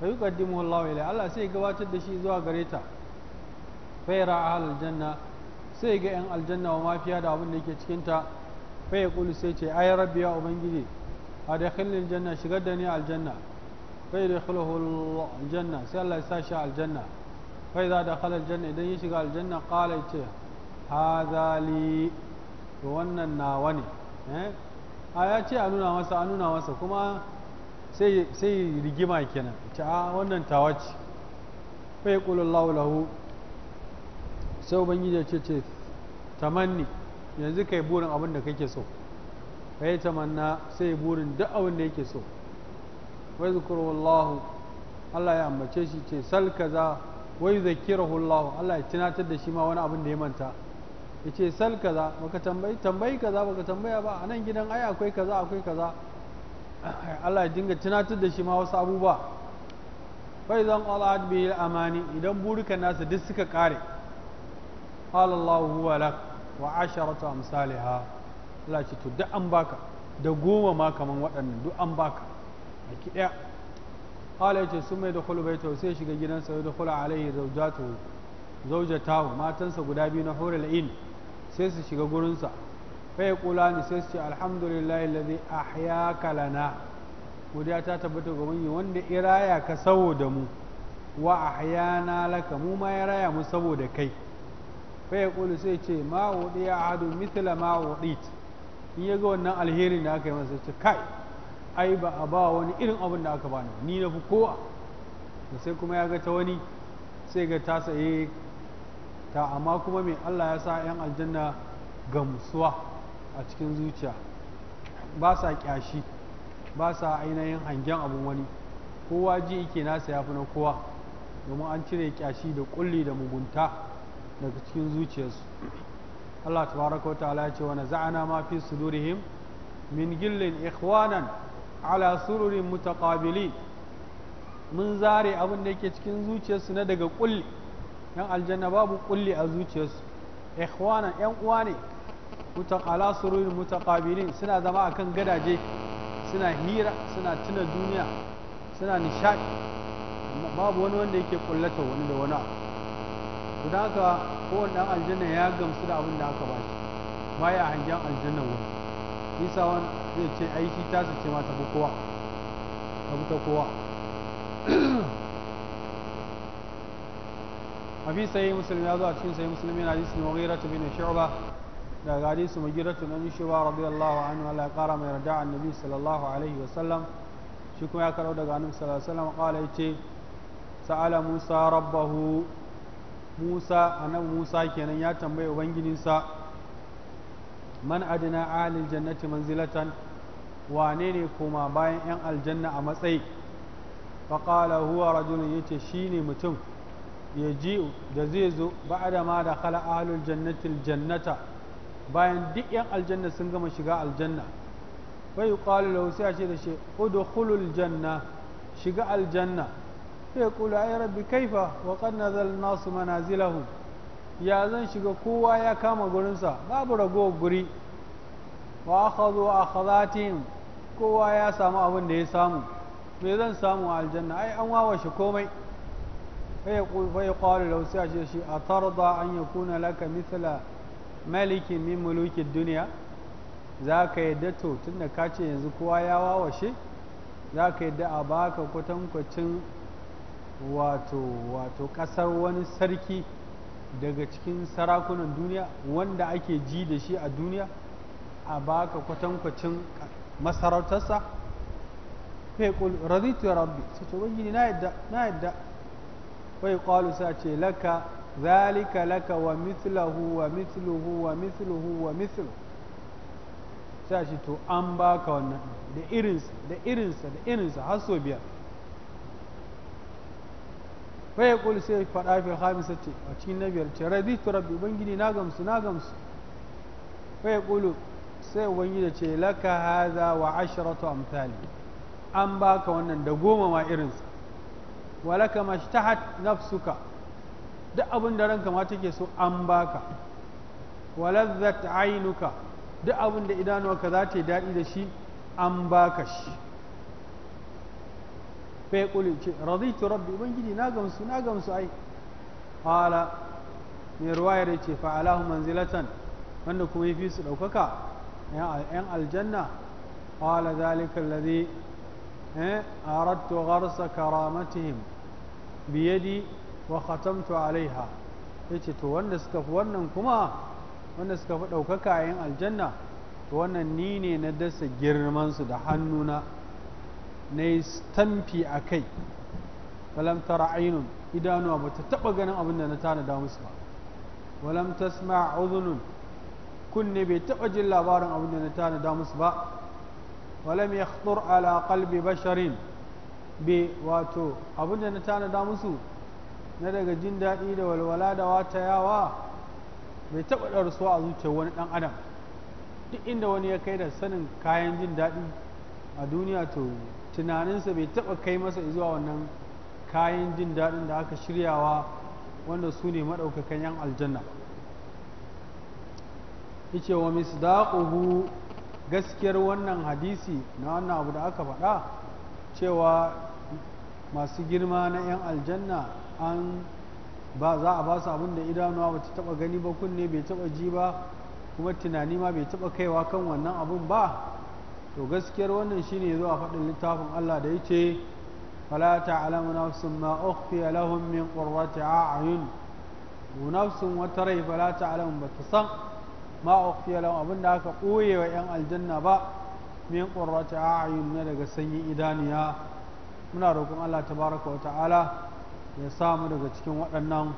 fa yi kaddimu Allah ila Allah sai gabatar da shi zuwa gareta. ta fa yara aljanna sai ga yan aljanna wa mafiya da abin da yake cikin ta fa ya kulu sai ce ai rabbi ya ubangiji adkhilni aljanna shigar da ni aljanna fa yadkhuluhu aljanna sai Allah ya sa shi aljanna fa idza dakhala aljanna idan ya shiga aljanna qala ce hadha li to wannan nawa ne eh a ya ce a nuna masa a nuna masa kuma sai rigima kenan ta a wannan tawaci fai kulun laulahu sai ubangiji ce ce tamanni yanzu ka yi burin abin da kake so ka yi tamanna sai burin duk abin da yake so wai zukuru wallahu Allah ya ambace shi ce sal kaza wai zakirahu Allah Allah ya tunatar da shi ma wani abin da ya manta ya ce sal kaza baka tambayi tambayi kaza baka tambaya ba a nan gidan ai akwai kaza akwai kaza Allah ya dinga tunatar da shi ma wasu abubuwa fa zan al'ad bihi amani idan burukan nasa duk suka kare qala Allahu huwa lak wa asharatu amsalha Allah ce to duk an baka da goma ma kaman waɗannan duk an baka baki ɗaya qala yace sun mai da khulu baita sai shiga gidansa da dakhula alaihi zawjatu zawjatahu matansa guda biyu na hurul in sai su shiga gurinsa fa kulani sai su ce alhamdulillahi alladhi ahyaka lana godiya ta tabbata ga wani wanda iraya ka saboda mu wa ahyana laka mu ma ya raya mu saboda kai fa ya kulu sai ce ma wudi ya adu mithla ma wudit in ya ga wannan alherin da aka yi masa ce kai ai ba a ba wani irin abin da aka bani ni na fi kowa da sai kuma ya ga ta wani sai ga ta saye ta amma kuma mai Allah ya sa yan aljanna gamsuwa a cikin zuciya ba sa kyashi ba sa ainihin hangen abin wani kowa ji ike nasa ya fi na kowa domin an cire kyashi da kulli da mugunta daga cikin zuciyarsu Allah tabaraka wa ta'ala ya ce wa naza'ana ma fi sudurihim min gillin ikhwanan ala sururin mutaqabilin mun zare abin da yake cikin zuciyarsu na daga kulli yan aljanna babu kulli a zuciyarsu ikhwanan yan uwa ne ala sururin mutaqabilin suna zama akan gadaje suna hira suna tuna duniya suna nishadi babu wani wanda yake kullata wani da wani abu to da haka kowane dan aljanna ya gamsu da abin da aka ba shi ba ya hangen aljanna wani isa wani zai ce aiki ta su ce ma tafi kowa tafi ta kowa a fi sayi musulmi ya zo a cikin sayi musulmi yana hadisi na wagira ta bin shu'ba daga hadisi mugira ta nan shu'ba radiyallahu anhu Allah ya kara mai rada annabi sallallahu alaihi wa sallam shi kuma ya karo daga annabi sallallahu alaihi wa sallam kala yace sa'ala musa rabbahu Musa annabi Musa kenan ya tambaye ubangijinsa man adina alil jannati manzilatan wane ne koma bayan yan aljanna a matsayi faƙala huwa rajulun shi ne mutum ya ji da zai zo ba'da ma da kala ahlul jannati jannata bayan duk yan aljanna sun gama shiga aljanna bai yuqalu lahu sai a ce da shi janna shiga aljanna sai kula ya rabbi kaifa wa kan nazar nasu manazilahu ya zan shiga kowa ya kama gurinsa babu ragu guri wa aka zo a khazatin kowa ya samu abin da ya samu mai zan samu a aljanna ai an wawashe komai ai kwaye kwari da wasu yashe shi a tar da an yi kuna laka misala malikin min mulukin duniya za ka yi da to tun kace yanzu kowa ya wawashe za ka yi da a baka kwatankwacin wato wato ƙasar wani sarki daga cikin sarakunan duniya wanda ake ji da shi a duniya a baka kwatankwacin masarautarsa fai kul raditu rabbi sai ce ubangiji na yadda na yadda fai qalu sa ce laka zalika laka wa mithluhu wa mithluhu wa mithluhu wa mithluhu sai shi to an baka wannan da irinsa da irinsa da irinsa har so biyar fa ya kuli sai faɗa fi hamisa ce a cikin na biyar ce tu rabbi ubangiji na gamsu na gamsu fa ya kulu sai ubangiji ce laka haza wa asharatu amthali an baka wannan da goma ma irinsa wa laka mashtahat nafsuka duk abin da ranka ma take so an baka wa ladzat ainuka duk abin da idanuwa ka za ta yi daɗi da shi an baka shi فيقول رضيت ربي وبنجي ناغمس ناغمس اي قال من رواية ريتي فعلاه منزلة منكم يفيس لوكك ان الجنة قال ذلك الذي أردت غرس كرامتهم بيدي وختمت عليها ريتي تو ونسكف ونكما ونسكف لوكك ان الجنة ونني ندس جرمانس دحنونا na yi stamfi a kai walam tara ainun idanuwa ba ta taɓa ganin abin da na tanada musu ba walam tasma udhunun kunne bai taɓa jin labarin abin da na tanada musu ba walam yakhtur ala qalbi basharin bai wato abin da na tanada musu na daga jin daɗi da walwala da watayawa bai taɓa ɗarsuwa a zuciyar wani ɗan adam duk inda wani ya kai da sanin kayan jin daɗi a duniya to tunaninsa bai taɓa kai masa zuwa wannan kayan jin daɗin da aka shiryawa wanda su ne maɗaukakan 'yan aljanna yace wa misdaquhu gaskiyar wannan hadisi na wannan abu da aka faɗa cewa masu girma na 'yan aljanna an ba za a ba su abin da idanuwa ba ta taɓa gani ba kunne bai taɓa ji ba kuma tunani ma bai taɓa kaiwa kan wannan abun ba to gaskiyar wannan shine zuwa faɗin littafin Allah da yace fala ta'lamu nafsun ma ukhfiya lahum min qurrati a'yun nafsun wata rai fala ta'lamu bata san ma ukhfiya lahum abinda aka koye wa yan aljanna ba min qurrati a'yun ne daga sanyi idaniya muna roƙon Allah tabaraka wa ta'ala ya samu daga cikin waɗannan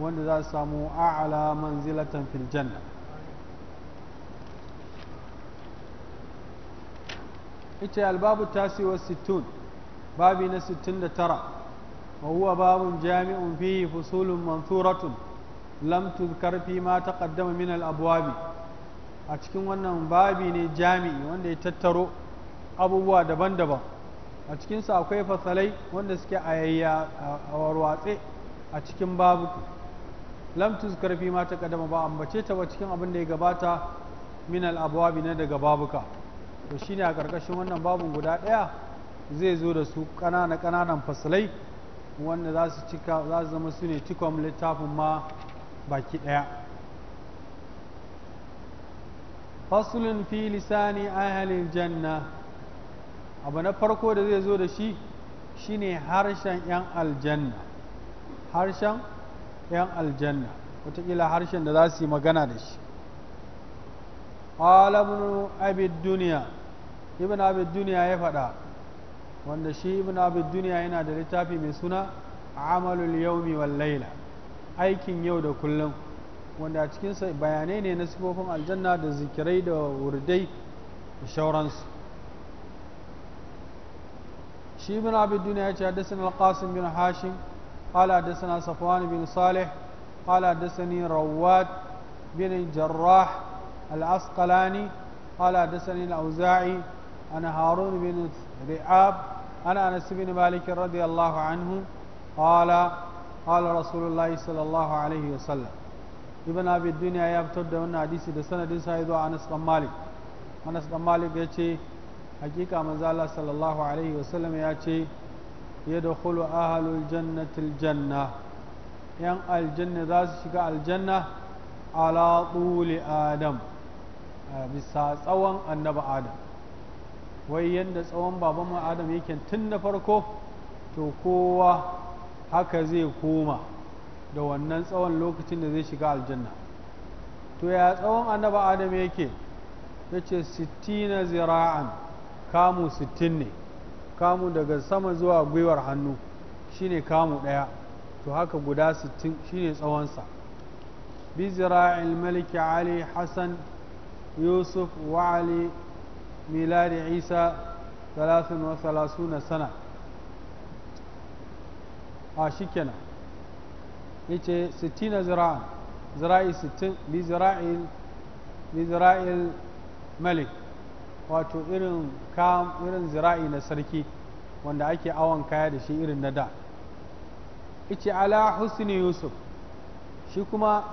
wanda za su samu a'ala manzilatan fil janna ita albabu wa sittun babi na sittin da tara wa huwa babun jami'un fihi fusulun mansuratun lamtu tuzkar fi ma taqaddama min al-abwabi a cikin wannan babi ne jami'i wanda ya tattaro abubuwa daban-daban a cikinsu akwai fasalai wanda suke ayayya a warwatse a cikin babu lamtu tuzkar fi ma kaddama ba ambace ta ba cikin abin da ya gabata min al na daga babuka to ne a ƙarƙashin wannan babin guda ɗaya zai zo da su ƙanana ƙananan fasalai wanda za su zama su ne cikon littafin ma baki ɗaya fasulun fi lisani ahalin janna abu na farko da zai zo da shi shine harshen 'yan aljanna harshen 'yan aljanna wataƙila harshen da za su yi magana da shi qala ibn abi dunya ibn abi dunya ya faɗa wanda shi ibn abi duniya yana da littafi mai suna amalul yawmi wal laila aikin yau da kullum wanda a cikinsa bayanai ne na sifofin aljanna da zikirai da wurdai da shauransu shi ibn abi duniya ya ce haddathana al-qasim bin hashim قال حدثنا صفوان بن صالح قال حدثني رواد bin jarrah. العسقلاني قال حدثني الأوزاعي عن هارون بن رعاب عن أنس بن مالك رضي الله عنه قال قال رسول الله صلى الله عليه وسلم ابن أبي الدنيا يبتد دون حديث دسنة دسنة دسنة أنس بن مالك أنس بن مالك يتي حقيقة من الله صلى الله عليه وسلم يأتي يدخل أهل الجنة الجنة ين الجنة ذات شكا الجنة على طول آدم bisa tsawon annaba adam wai yadda tsawon babanmu adam yake tun na farko to kowa haka zai koma da wannan tsawon lokacin da zai shiga aljanna to ya tsawon annaba adam yake ya ce 60 zira'an kamu sittin ne kamu daga sama zuwa gwiwar hannu shine kamu ɗaya to haka guda sittin shine tsawonsa bi zira'il maliki ali hassan يوسف وعلي ميلاد عيسى ثلاث وثلاثون سنة أشكنا يتي ستين زراعا زراعي ستين لزراعي لزراعي الملك wato irin kam irin zira'i na sarki wanda ake awon kaya da shi irin na da ice ala husni yusuf shi kuma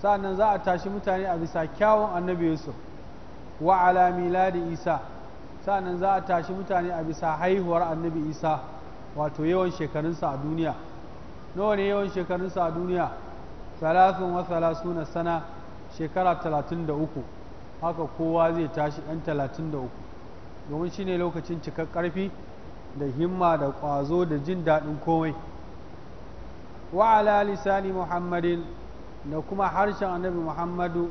sa'annan za a tashi mutane a bisa kyawun annabi yusuf wa ala miladi isa sa'annan za a tashi mutane a bisa haihuwar annabi isa wato yawan shekarunsa a duniya nawa ne yawan shekarunsa a duniya salasun wa salasuna sana shekara talatin da uku haka kowa zai tashi ɗan talatin da uku domin shine lokacin cikar ƙarfi da himma da ƙwazo da jin daɗin komai wa'ala ala lisani muhammadin da kuma harshen annabi muhammadu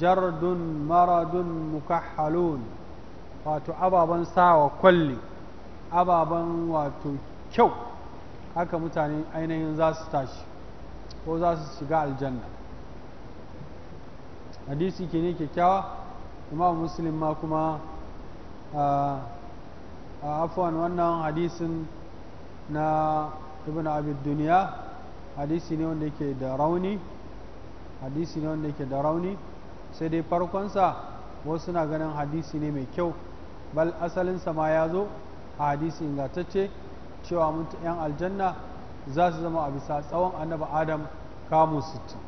jardun maradun mukahalun wato ababen sawa kwalli ababen wato kyau haka mutane ainihin za su tashi ko za su shiga aljanna hadisi ke ne kyakkyawa imam musulun ma kuma a afuwan wannan hadisin na ibn abid duniya hadisi ne wanda yake da rauni hadisi ne wanda yake da rauni sai dai farkonsa wasu na ganin hadisi ne mai kyau bal asalinsa ma ya zo a hadisi ingantacce cewa mutu 'yan aljanna za su zama a bisa tsawon annabi adam kamu sittin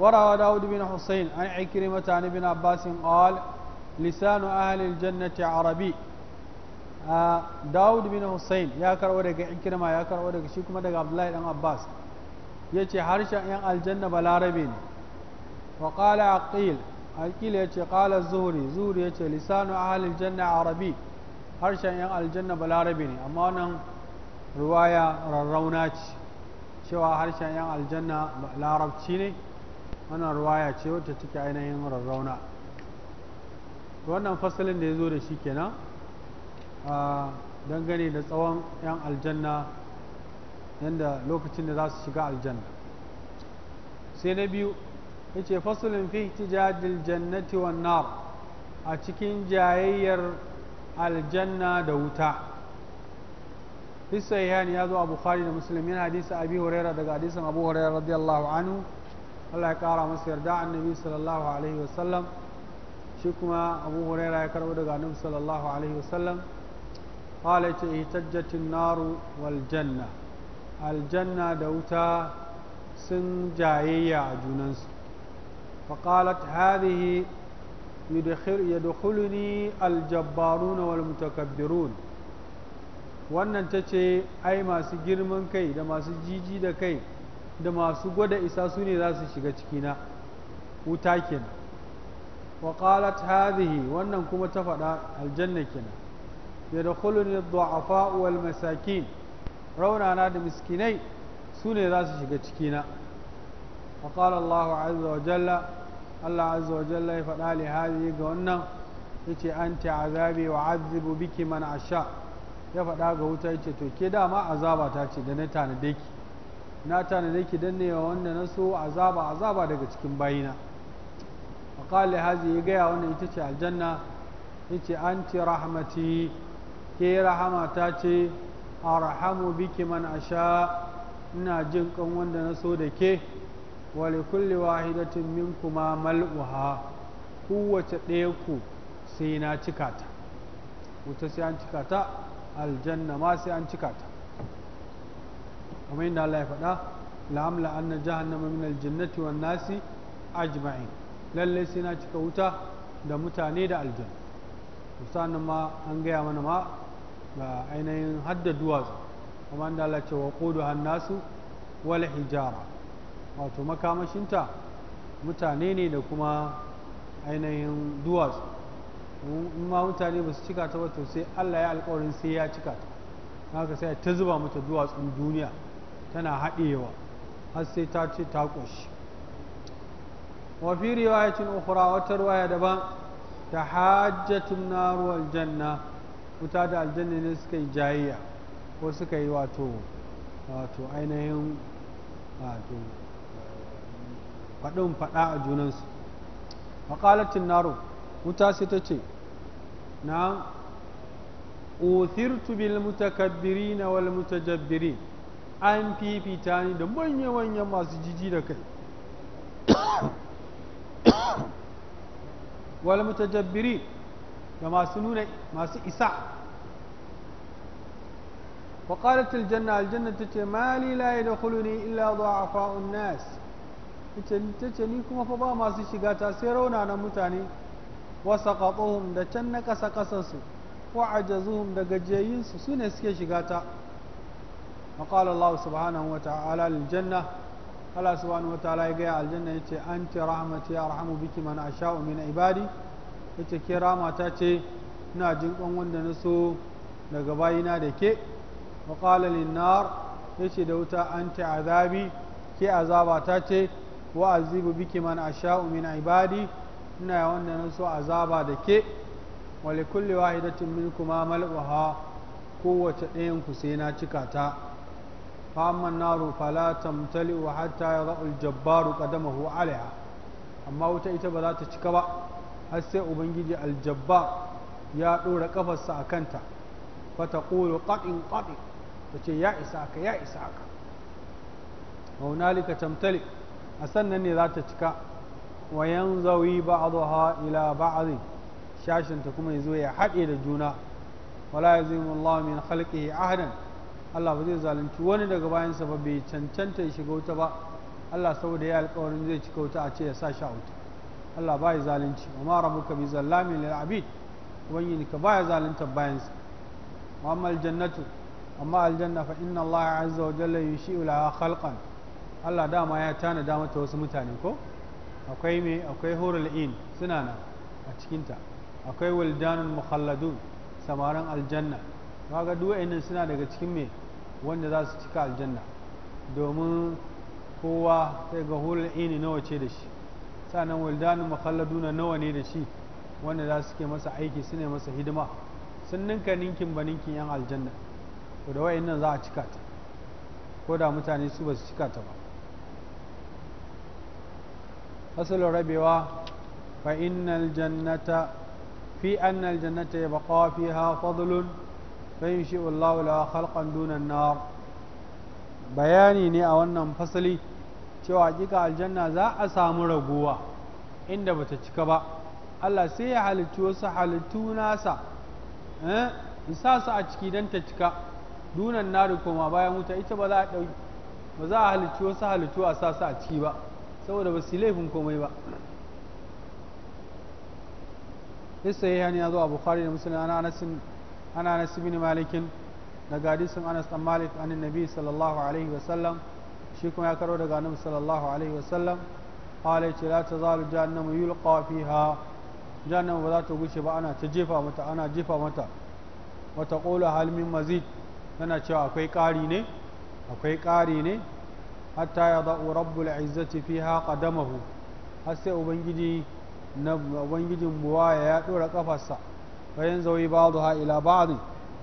وروى داود bin حسين an عكرمة عن ابن عباس qal lisanu ahli aljannati Arabi. Dawud bin Hussein ya karɓo daga Ikrima ya karɓo daga shi kuma daga Abdullahi dan Abbas ya ce harshen 'yan aljanna balarabe ne wa qala aqil aqil ya ce qala zuhri zuhri ya ce lisanu halin janna arabi harshen 'yan aljanna balarabe ne amma wannan ruwaya rarrauna ce cewa harshen 'yan aljanna larabci ne wannan ruwaya ce wata cike ainihin rarrauna wannan fasalin da ya zo da shi kenan dangane da tsawon 'yan aljanna yadda lokacin da za su shiga aljanna sai na biyu ya ce fasulun fi tijadil jannati wan nar a cikin jayayyar aljanna da wuta fisayihan ya zo a bukhari da muslim yana hadisa abi huraira daga hadisin abu huraira radiyallahu anhu Allah ya kara masa yarda annabi sallallahu alaihi wasallam shi kuma abu huraira ya karbo daga annabi sallallahu alaihi wasallam qala ce ihtajjatin naru aljanna da wuta sun jayayya a junansu فقالت هذه يدخل يدخلني الجبارون والمتكبرون wannan ta ce ai masu girman kai da masu jiji da kai da masu gwada isa su ne za su shiga cikina wuta kenan wa hadhihi wannan kuma ta faɗa aljanna kenan yadkhuluni ad-du'afa wal masakin na da miskinai sune za su shiga cikina fa qala Allah azza wa jalla Allah azza wa jalla ya faɗa li hadi ga wannan yace anti azabi wa azibu biki man asha ya faɗa ga wuta yace to ke dama azaba ta ce da na tanade ki na tanade dan ne wanda na so azaba azaba daga cikin bayina fa qala ya ga wannan ita ce aljanna yace anti rahmati ke rahama ta ce a rahamu biki man sha ina jin kan wanda na so da ke wa li kulli wahidatin mal'uha kowace ɗaya ku sai na cika ta wuta sai an cika ta aljanna ma sai an cika ta kuma inda Allah ya faɗa la'amla anna jahannama min aljannati wan nasi ajma'in lalle sai na cika wuta da mutane da aljanna musamman ma an gaya mana ma ga ainihin hadda duwatsu kuma da Allah ce wa hannasu wal hijara wato makamashinta mutane ne da kuma ainihin duwatsu in ma mutane ba su cika ta wato sai Allah ya alkawarin sai ya cika ta haka sai ta zuba mata duwatsun duniya tana haɗewa har sai ta ce ta ƙoshi wa fi riwayatin ukhra wata riwaya daban ta hajjatun nar janna wuta da aljanna ne suka yi jayayya ko suka yi wato wato ainihin wato faɗin faɗa a junansu maƙalatin naro wuta sai ta ce na uthirtu bil na wal mutajabbiri an fifita ni da manya-manyan masu jiji da kai wal mutajabbiri da masu nuna masu isa wa qalat aljanna aljanna tace mali la yadkhuluni illa du'afa'un nas tace tace ni kuma fa ba masu shiga ta sai rauna na mutane wa saqatuhum da can na kasa kasan su wa ajazuhum da gajiyayin su sune suke shiga ta wa qala Allah subhanahu wa ta'ala aljanna Allah subhanahu wa ta'ala ya ga aljanna yace anti rahmati arhamu biki man asha'u min ibadi ita kira mata ce ina jin ƙwan wanda na so daga bayina da ke wa ya ce da wuta an ta azabi ke azaba ta ce wa azibu biki man asha'u min ibadi ina wanda na so azaba da ke wa kulle kulli wahidatin minkuma mal'uha kowace ɗayan ku sai na cika ta fa amman naru fala tamtali wa hatta yadha'u ra'ul jabbaru qadamahu alaiha amma wuta ita ba za ta cika ba har sai ubangiji aljabba ya ɗora ƙafarsa a kanta fata ƙolo ƙaɗin ƙaɗin ta ce ya isa ka ya isa ka maunalika tamtali a sannan ne za ta cika ba zawi ba'daha ila ba'dhin shashinta kuma ya zo ya haɗe da juna wala yazimu Allah min ya ahadan Allah ba zai zalunci wani daga bayansa ba bai cancanta ya shiga wuta ba Allah saboda ya alƙawarin zai cika wuta a ce ya sa shi a wuta Allah ba ya zalunci wa ma rabbuka bi zallamin lil abid ubangiji ka ba ya zalunta bayansa wa amma jannatu amma aljanna fa inna Allah azza wa jalla yushi'u laha khalqan Allah dama ya tana da mata wasu mutane ko akwai me akwai hurul in suna nan a cikinta akwai wildanun mukhalladun samaran aljanna kaga duk wa'annan suna daga cikin me wanda za su cika aljanna domin kowa sai ga hulul ini nawa ce da shi sanan waldanin makhalladuna nawa ne da shi wanda za su ke masa aiki su ne masa hidima sun ninka ninkin ba ninkin yan aljanna to da wayannan za a cika ta ko da mutane su ba su cika ta ba asalin rabewa fa innal jannata fi annal jannata fiha fadlun fayunshi'u Allahu laha khalqan duna an-nar bayani ne a wannan fasali cewa hakika aljanna za a samu raguwa inda bata cika ba Allah sai ya halittu wasu halittu nasa eh, sa su a ciki don ta cika dunan nari koma bayan wuta ita ba za a ɗauki. ba za a halittu wasu halittu a sa su a ciki ba saboda ba su laifin komai ba isa yi hani ya a bukhari da musulun ana anasin ana anasin bin malikin daga hadisin anas dan malik anin nabi sallallahu alaihi wa sallam. shi kuma ya karo daga annabi sallallahu alaihi wasallam qala ce la tazalu yulqa fiha ba za ta ba ana ta jefa mata ana jefa mata wa taqulu hal min mazid cewa akwai ƙari ne akwai ƙari ne hatta ya rabbul izzati fiha qadamahu har sai ubangiji na ubangijin ya dora kafarsa bayan zawi ba'daha ila ba'd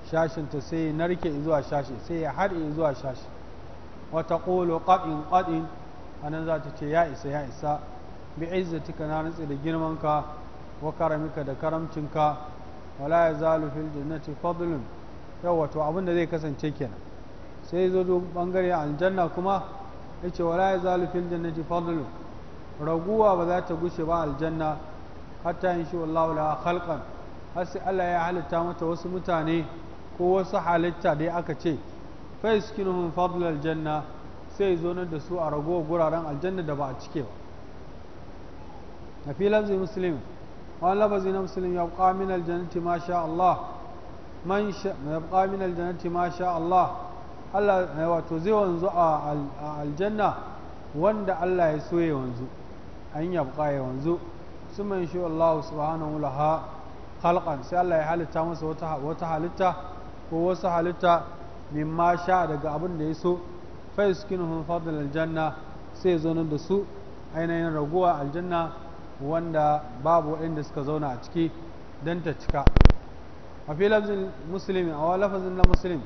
shashin ta sai narke zuwa shashi sai ya haɗe zuwa shashi wata ƙolo ƙaɗin ƙaɗin a nan za ta ce ya isa ya isa bi izzatika na rantsi da girmanka wa karamika da karamcinka wala ya zalu fil jannati fadlun yawa to abin da zai kasance kenan sai zo ɓangare a aljanna kuma yace wala ya zalu fil jannati fadlun raguwa ba za ta gushe ba aljanna hatta in shi wallahu la halkan har sai Allah ya halitta mata wasu mutane ko wasu halitta dai aka ce fa yaskinuhum fadl aljanna sai zo nan da su a rago guraren aljanna da ba a cike ba a filan zai muslim wani lafazi na muslim ya buƙa min aljannati ma sha Allah man sha ya buƙa min aljannati ma sha Allah Allah wato zai wanzu a aljanna wanda Allah ya so ya wanzu an ya buƙa ya wanzu su man shi Allah subhanahu laha khalqan sai Allah ya halitta masa wata halitta ko wasu halitta mimma sha daga abin da ya so fa yuskinuhum fadl aljanna sai zo nan da su ainihin raguwa aljanna wanda babu waɗanda suka zauna a ciki don ta cika a filar musulmi a lafazin na musulmi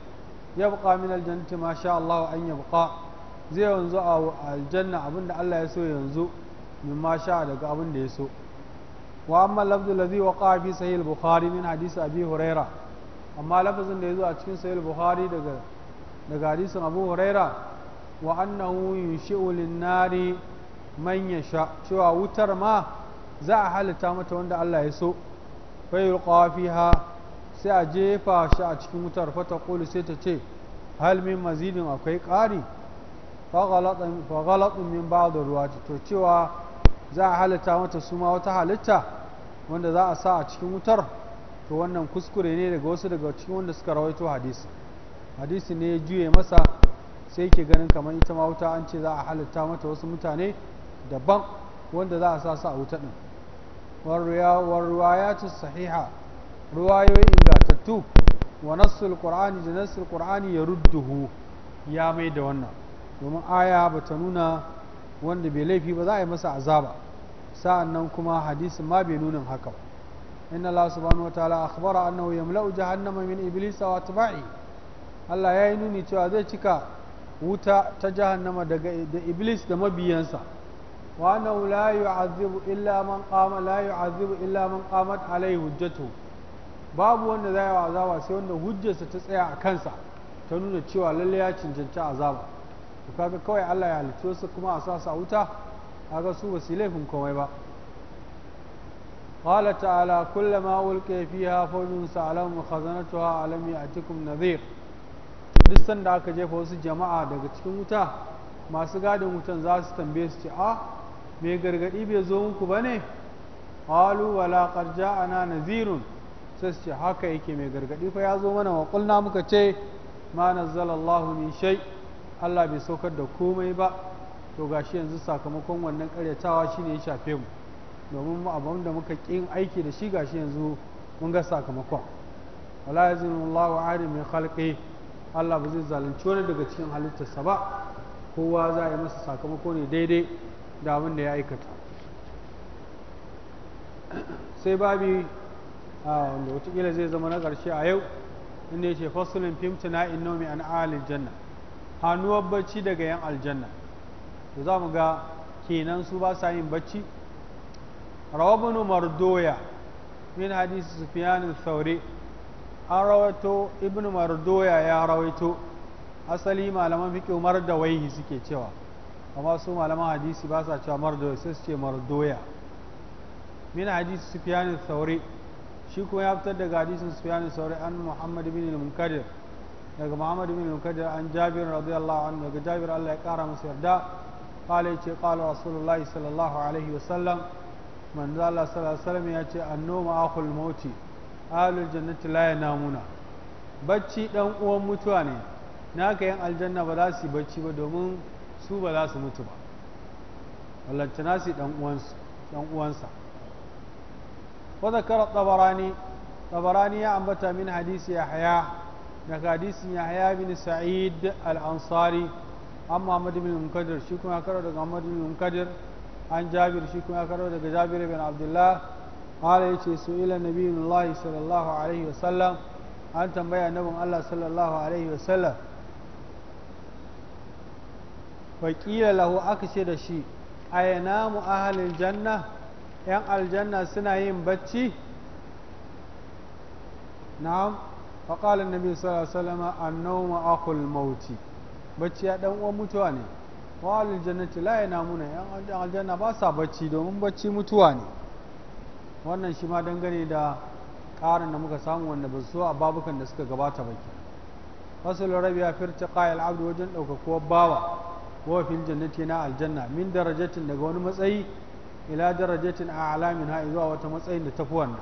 ya buƙa min aljannati ma sha Allah an ya buƙa zai yanzu a aljanna abin da Allah ya so yanzu min ma sha daga abin da ya so wa amma lafzul ladhi waqa fi sahih al min hadisi abi huraira amma lafazin da ya zo a cikin sayil Buhari daga daga hadisin abu huraira wa annahu yunshi'u lin-nari man yasha cewa wutar ma za a halitta mata wanda Allah ya so fa yulqa fiha sai a jefa shi a cikin wutar fata kulu sai ta ce hal min mazidin akwai ƙari fa ghalatun min bada ruwa to cewa za a halitta mata suma wata halitta wanda za a sa a cikin wutar to wannan kuskure ne daga wasu daga cikin wanda suka rawaito hadisi hadisi ne ya juye masa sai ke ganin kamar ita ma wuta an ce za a halitta mata wasu mutane daban wanda za a sa su a wuta ya warruwayatu sahiha ruwayoyi ingantattu wa nassul qur'ani da nassul qur'ani ya rudduhu ya mai da wannan domin aya ba ta nuna wanda bai laifi ba za a yi masa azaba sa'an nan kuma hadisin ma bai nunin haka ba inna Allah subhanahu wataala akhbara annahu yamla'u jahannama min iblis wa atba'i ya yi nuni cewa zai cika wuta ta jahannama daga da iblis da mabiyansa wa annahu la illa man qama la illa man hujjatu babu wanda za yi azaba sai wanda hujjarsa ta tsaya a kansa ta nuna cewa lalle ya cancanci azaba to kaga kawai Allah ya halicce su kuma a sa sa wuta kaga su ba su laifin komai ba قال تعالى كلما ألقي فيها فوج سألهم خزنتها ألم يأتكم نذير duk sanda aka jefa wasu jama'a daga cikin wuta masu gadin wutan za su tambaye su ce a mai gargadi bai zo muku ba ne halu wala karja ana nazirun sai su ce haka yake mai gargadi fa ya zo mana wa kulna muka ce ma nazzalallahu min shay Allah bai saukar da komai ba to gashi yanzu sakamakon wannan karyatawa shine ya shafe mu domin abin da muka ƙin aiki da shi gashi yanzu mun ga sakamakon wala yazunullahu ari mai halƙe Allah ba zai zalunci wani daga cikin halittarsa ba kowa za a yi masa sakamako ne daidai da abin da ya aikata sai babi ah, wanda watakila zai zama na ƙarshe a yau inda ya ce fasulin fimtina innomi an alin janna hannuwar bacci daga yan aljanna to za mu ga kenan su ba sa yin bacci rawabin mardoya min hadisi sufiyanin sauri an rawaito ibn mardoya ya rawaito asali malaman fiƙi umar da waihi suke cewa amma su malaman hadisi ba sa cewa mardoya sai su ce mardoya min hadisi sufiyanin sauri shi kuma ya fitar daga hadisin sufiyanin sauri an muhammad bin munkadir daga muhammad bin munkadir an jabir radiyallahu anhu daga allah ya kara masa yarda قال يتي قال رسول الله صلى الله عليه وسلم manzo Allah sallallahu alaihi wasallam ya ce annoma akhul mauti ahlul jannati la yanamuna bacci dan uwan mutuwa ne naka yan aljanna ba za su yi bacci ba domin su ba za su mutu ba na su dan uwansu dan uwansa wa zakara tabarani tabarani ya ambata min hadisi yahya daga hadisi yahya bin sa'id al-ansari amma Ahmad bin Munkadir shi kuma karo daga Ahmad bin Munkadir an jabir shi kuma ya karo daga jabir bin abdullah hala ya ce su ila nabiyun allah sallallahu alaihi wasallam an tambaya nabin allah sallallahu alaihi wasallam wakila lahu aka ce da shi ayana mu ahalin janna yan aljanna suna yin bacci na'am faƙalin nabi sallallahu alaihi wasallam annawma akul mauti bacci ya dan uwan mutuwa ne wa jannati la yanamuna yan aljanna ba sa bacci domin bacci mutuwa ne wannan shi ma dangane da ƙarin da muka samu wanda ba su a babukan da suka gabata ba ke fasul rabiya firta qayal abdu wajen ɗaukakuwar bawa wa fil jannati na aljanna min darajatin daga wani matsayi ila darajatin a'la min ha zuwa wata matsayin da tafi wannan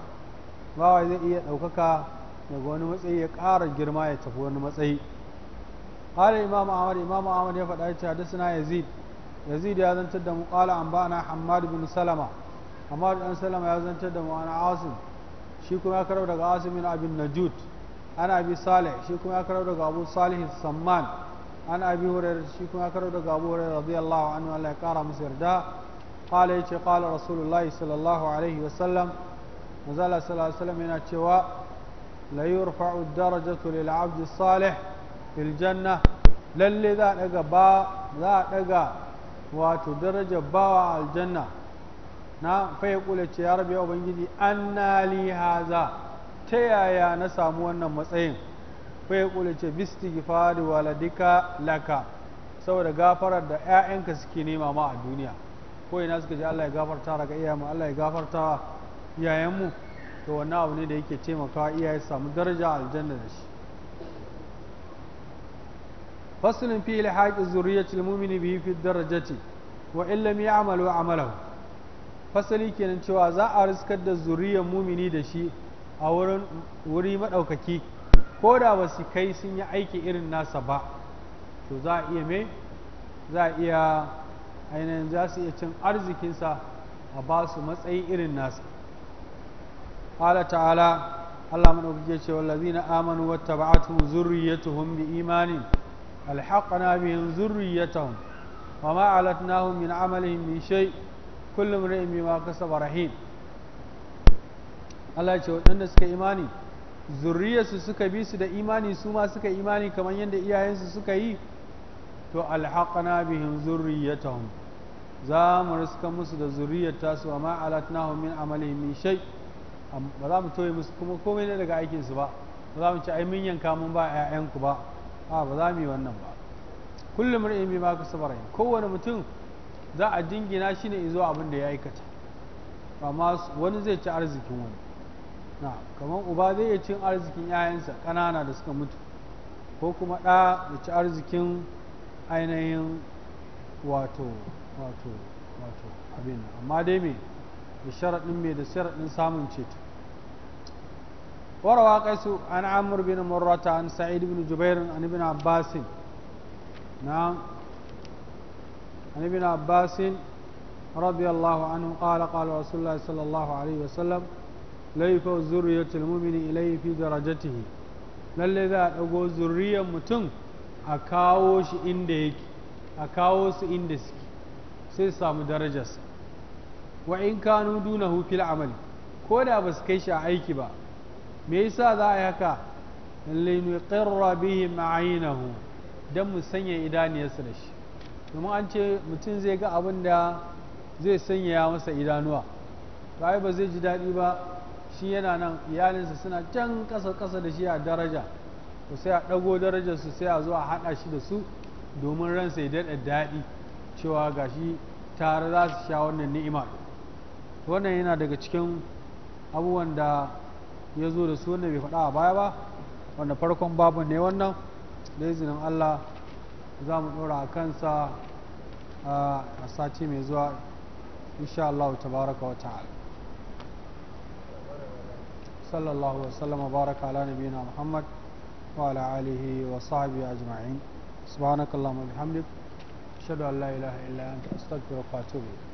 bawa zai iya ɗaukaka daga wani matsayi ya ƙara girma ya tafi wani matsayi قال الإمام أحمد الإمام أحمد يفعل حدثنا يزيد يزيد يا زنت دم قال أنبأنا حماد بن سلمة حماد بن سلمة يا زنت دم أنا عاصم شيكم أكرم كرب عاصم من أبي النجود أنا أبي صالح شيكم أكرم كرب أبو صالح السمان أنا أبي هريرة شيكم أكرم كرب أبو هريرة رضي الله عنه الله يكرم مسيردا قال يجي قال رسول الله صلى الله عليه وسلم نزل صلى الله عليه وسلم من الشواء لا يرفع الدرجة للعبد الصالح Iljanna, lalle za a daga ba za a daga wato daraja bawa aljanna na fai kula ce ya rabe ubangiji anna li haza ta yaya na samu wannan matsayin fai kula ce bistighfari waladika laka saboda gafarar da ƴaƴanka suke nema ma a duniya ko ina suka ji Allah ya gafarta daga iyayenmu Allah ya gafarta iyayenmu to wannan abu ne da yake taimakawa iyaye samu daraja aljanna da shi faslin fi ilhaqi zurriyyati almu'mini bihi fi darajati wa in lam ya'malu amalahu fasali kenan cewa za a riskar da zuriyar mumini da shi a wurin wuri maɗaukaki ko da ba su kai sun yi aiki irin nasa ba to za a iya mai za za su iya cin arzikinsa a ba su matsayi irin nasa ƙala ta'ala Allah maɗaukaki ya ce wallazina amanu wattaba'atuhum zurriyyatuhum bi imanin ألحقنا بهم ذريتهم وما علتناهم من عملهم من شيء كل امرئ بما كسب رهين Allah ya ce waɗanda suka imani zurriyarsu suka bi su da imani su ma suka imani kamar yadda iyayensu suka yi to alhaqana bihim zurriyatahum za mu riska musu da zurriyar tasu amma alatnahum min amalihim min shay ba za mu toye musu kuma komai ne daga aikinsu ba ba za mu ci ai mun yanka mun ba 'ya'yanku ba a ba za mu yi wannan ba kullum ra'in bi ma ka rahin kowane mutum za a dingina shi ne izo abin ya aikata amma wani zai ci arzikin wani na kamar uba zai iya cin arzikin 'ya'yansa ƙanana da suka mutu ko kuma ɗa da ci arzikin ainihin wato wato wato abin amma dai me da sharaɗin me da sharaɗin samun ceto وروى قيس عن عمرو بن مرة عن سعيد بن جبير عن ابن عباس نعم عن ابن عباس رضي الله عنه قال قال رسول الله صلى الله عليه وسلم ليف ذرية المؤمن إليه في درجته lalle أقول a متن أكاوش mutum a kawo shi inda وإن كانوا دونه في العمل suke sai كيش أعيك بقى me yasa za a yi haka linuqirra bihim aynahu dan mu sanya idaniyarsa da shi domin an ce mutum zai ga abin da zai sanya masa idanuwa to ai ba zai ji daɗi ba shi yana nan iyalinsa suna can kasa-kasa da shi a daraja to sai a ɗago darajarsu sai a zo a haɗa shi da su domin ransa ya daɗa daɗi cewa gashi tare za su sha wannan ni'ima wannan yana daga cikin abubuwan da ya zo da su wanda bai faɗa a baya ba wanda farkon babu ne wannan da izinin Allah za mu ɗora a kansa a sati mai zuwa insha Allah baraka wa ta'ala sallallahu wa wasallam baraka ala nabiyina Muhammad wa ala alihi wa sahbihi ajma'in subhanakallahumma bihamdik ashhadu an la ilaha illa anta astaghfiruka wa atubu ilayk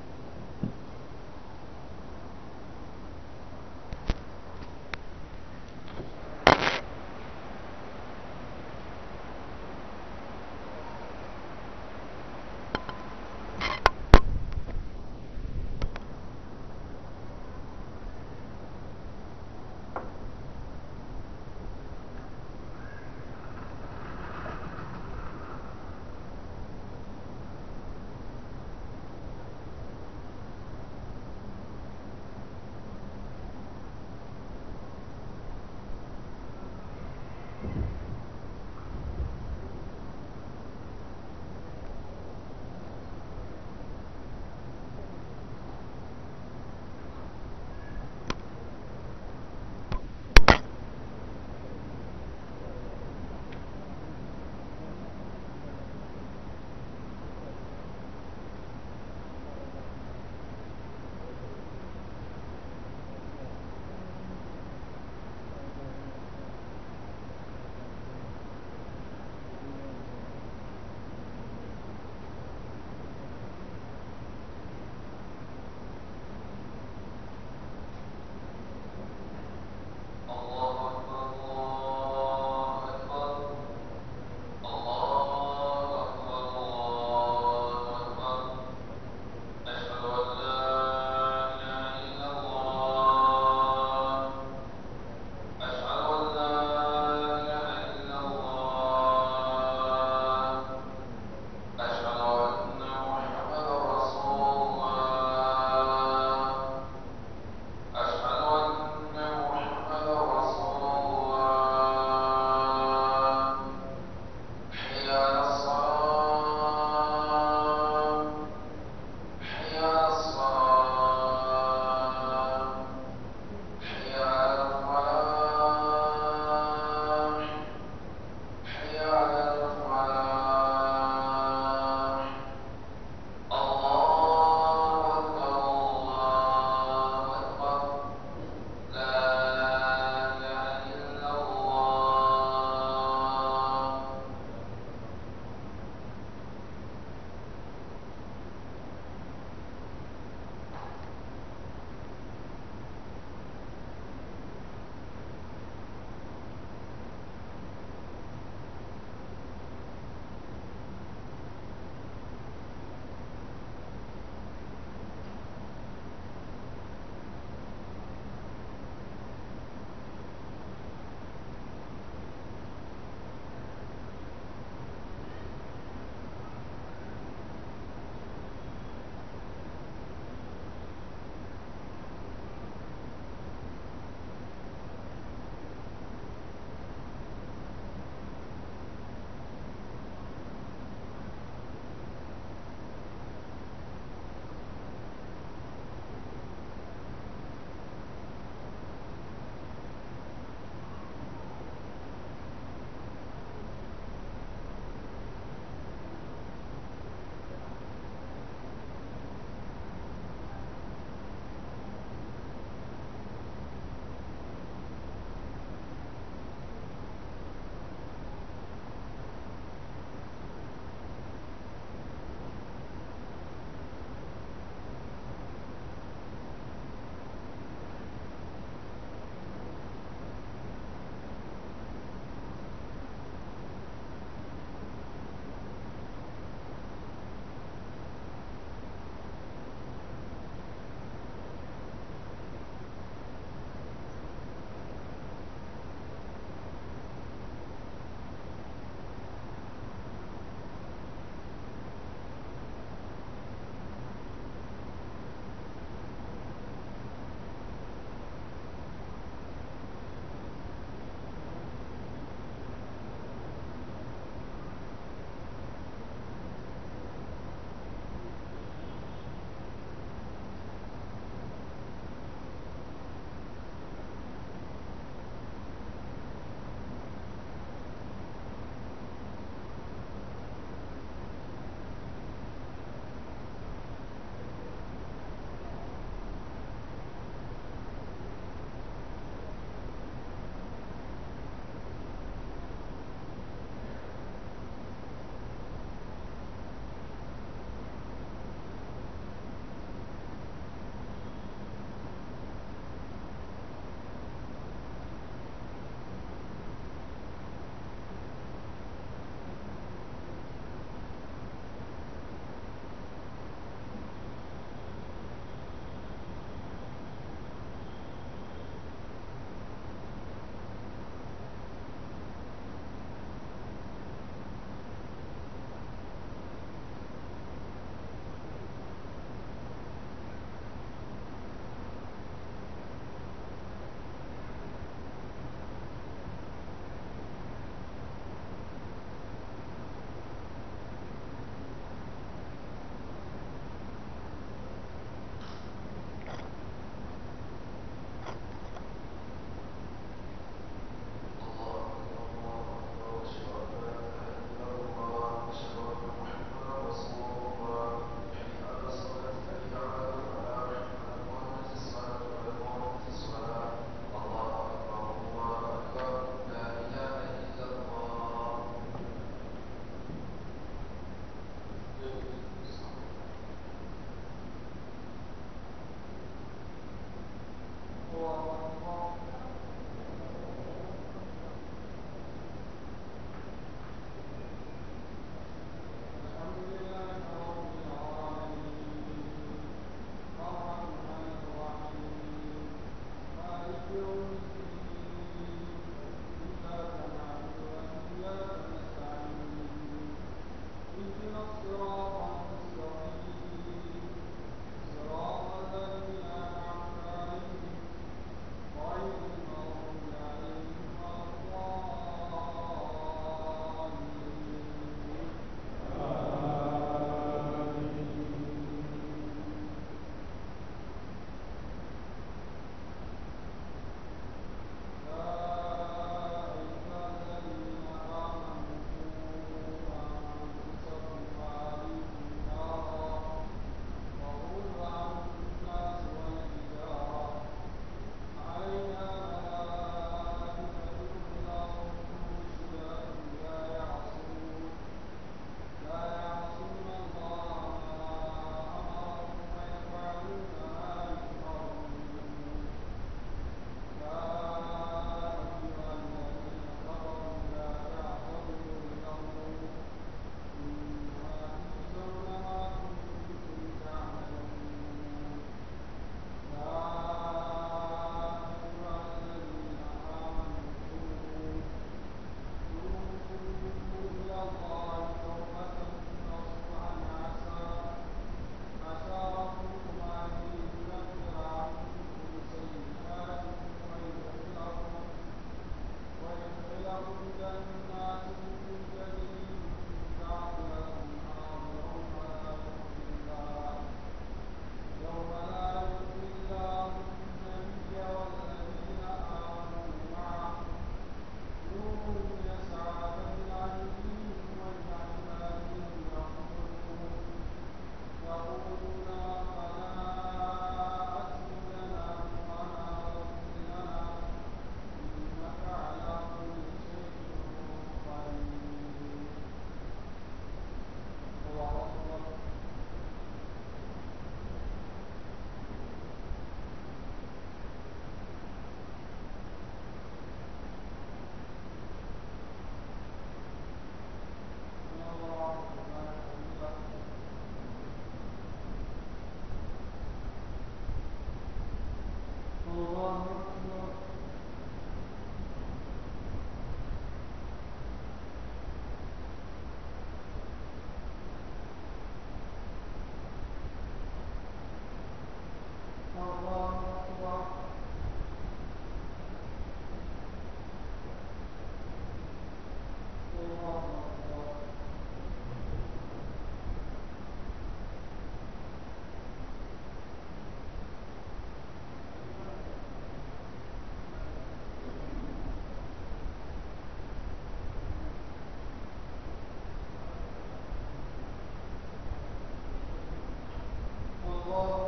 Oh.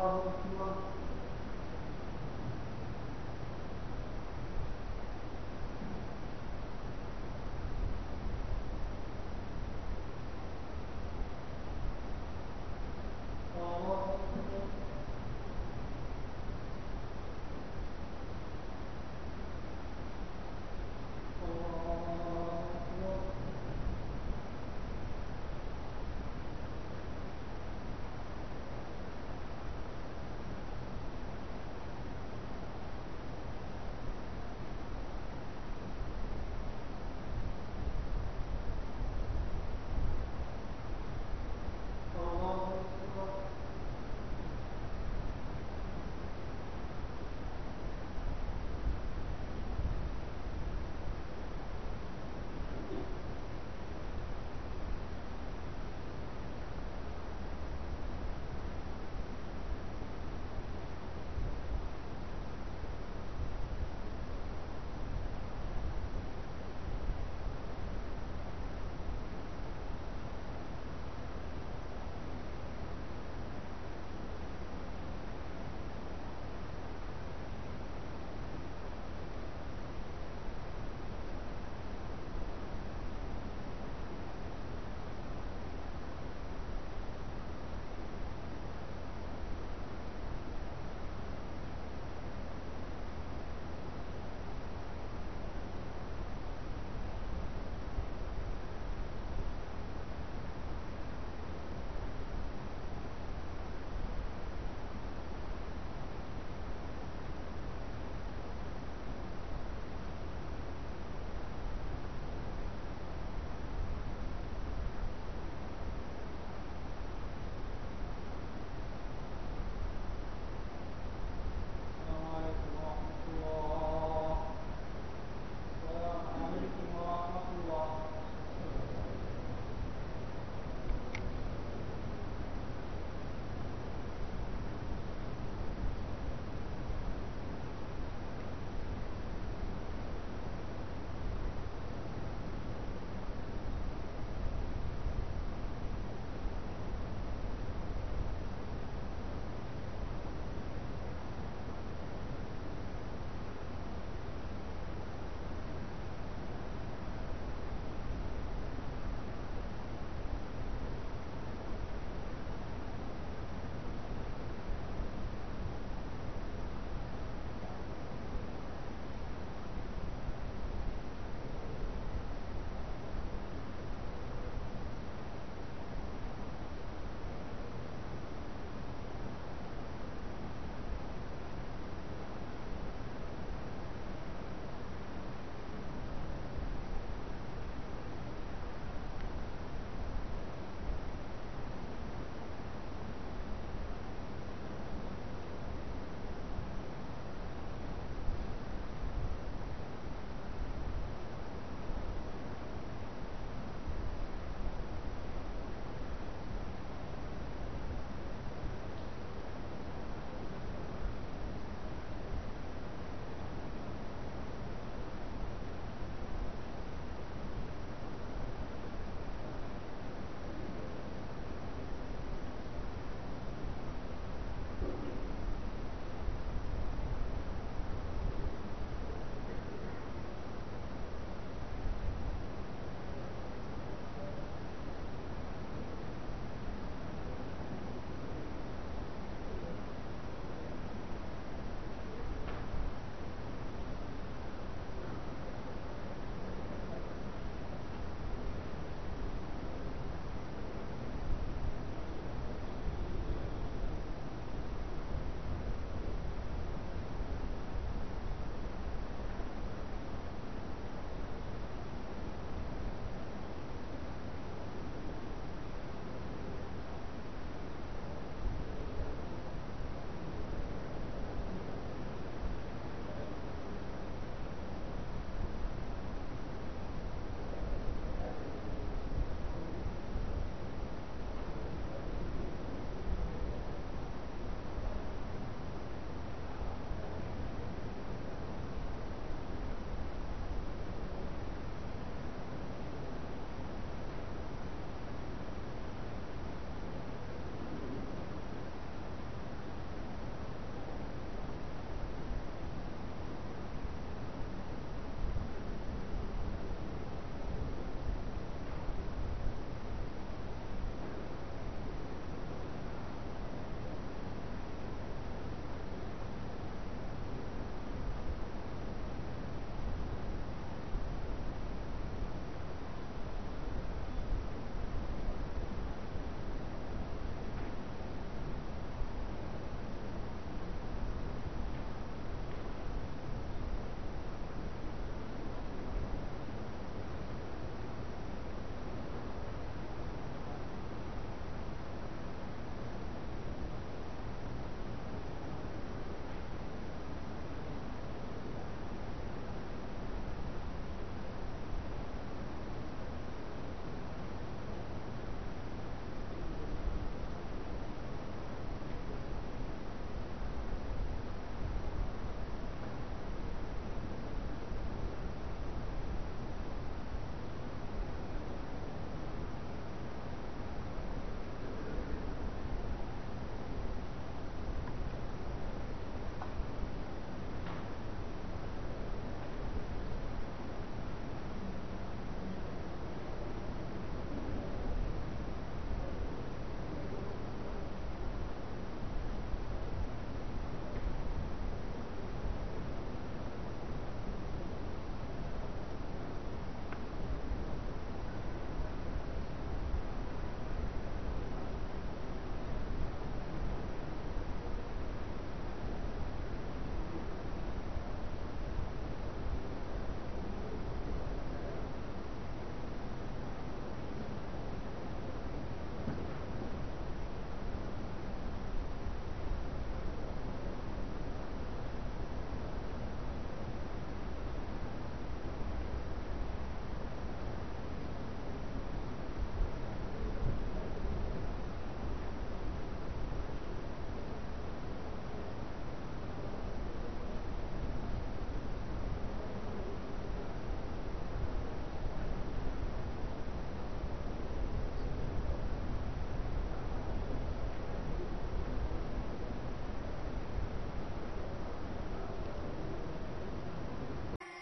Allah, Allah.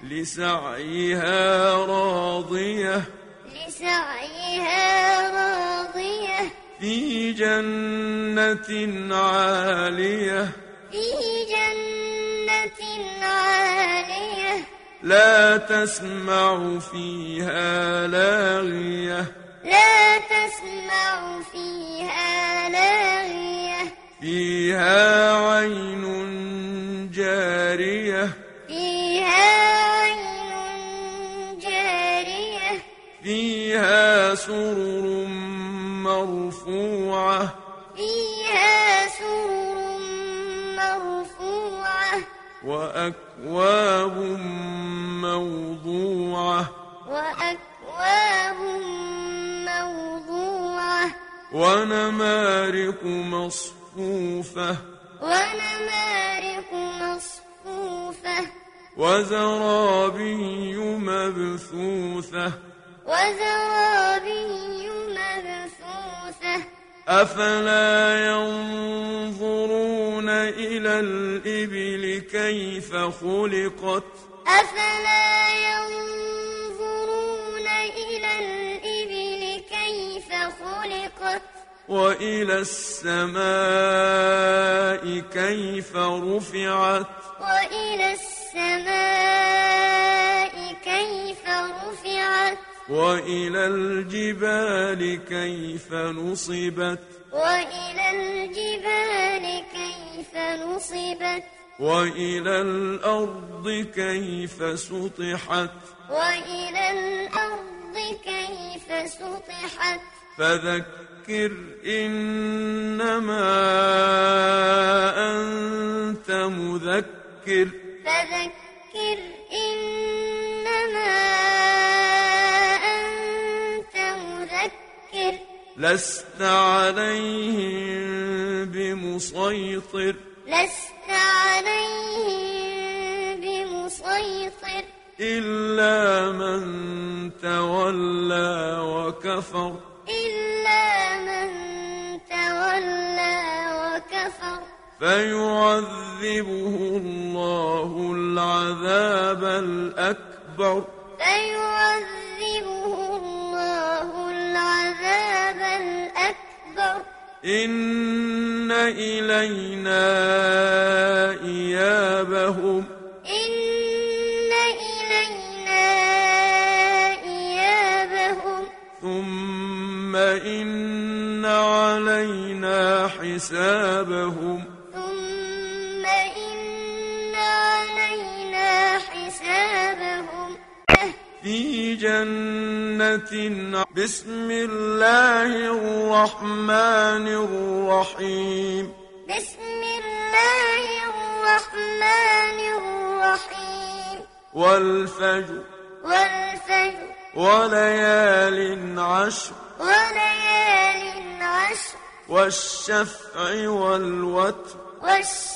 لسعيها راضية لسعيها راضية في جنة عالية في جنة عالية لا تسمع فيها لاغية ونمارق مصفوفة ونمارق مصفوفة وزرابي مبثوثة وزرابي مبثوثة أفلا ينظرون إلى الإبل كيف خلقت أفلا ينظرون خلقت وإلى السماء كيف رفعت وإلى السماء كيف رفعت وإلى الجبال كيف نصبت وإلى الجبال كيف نصبت وإلى الأرض كيف سطحت وإلى الأرض كيف سطحت فذكر إنما أنت مذكر فذكر إنما أنت مذكر لست عليهم بمسيطر لست عليهم بمسيطر إلا من تولى وكفر إلا من تولى وكفر فيعذبه الله العذاب الأكبر فيعذبه الله العذاب الأكبر إن إلينا إيابهم حسابهم ثم إن علينا حسابهم في جنة بسم الله الرحمن الرحيم بسم الله الرحمن الرحيم والفجر والفجر وليال عشر وليال عشر والشفع والوتر والشفع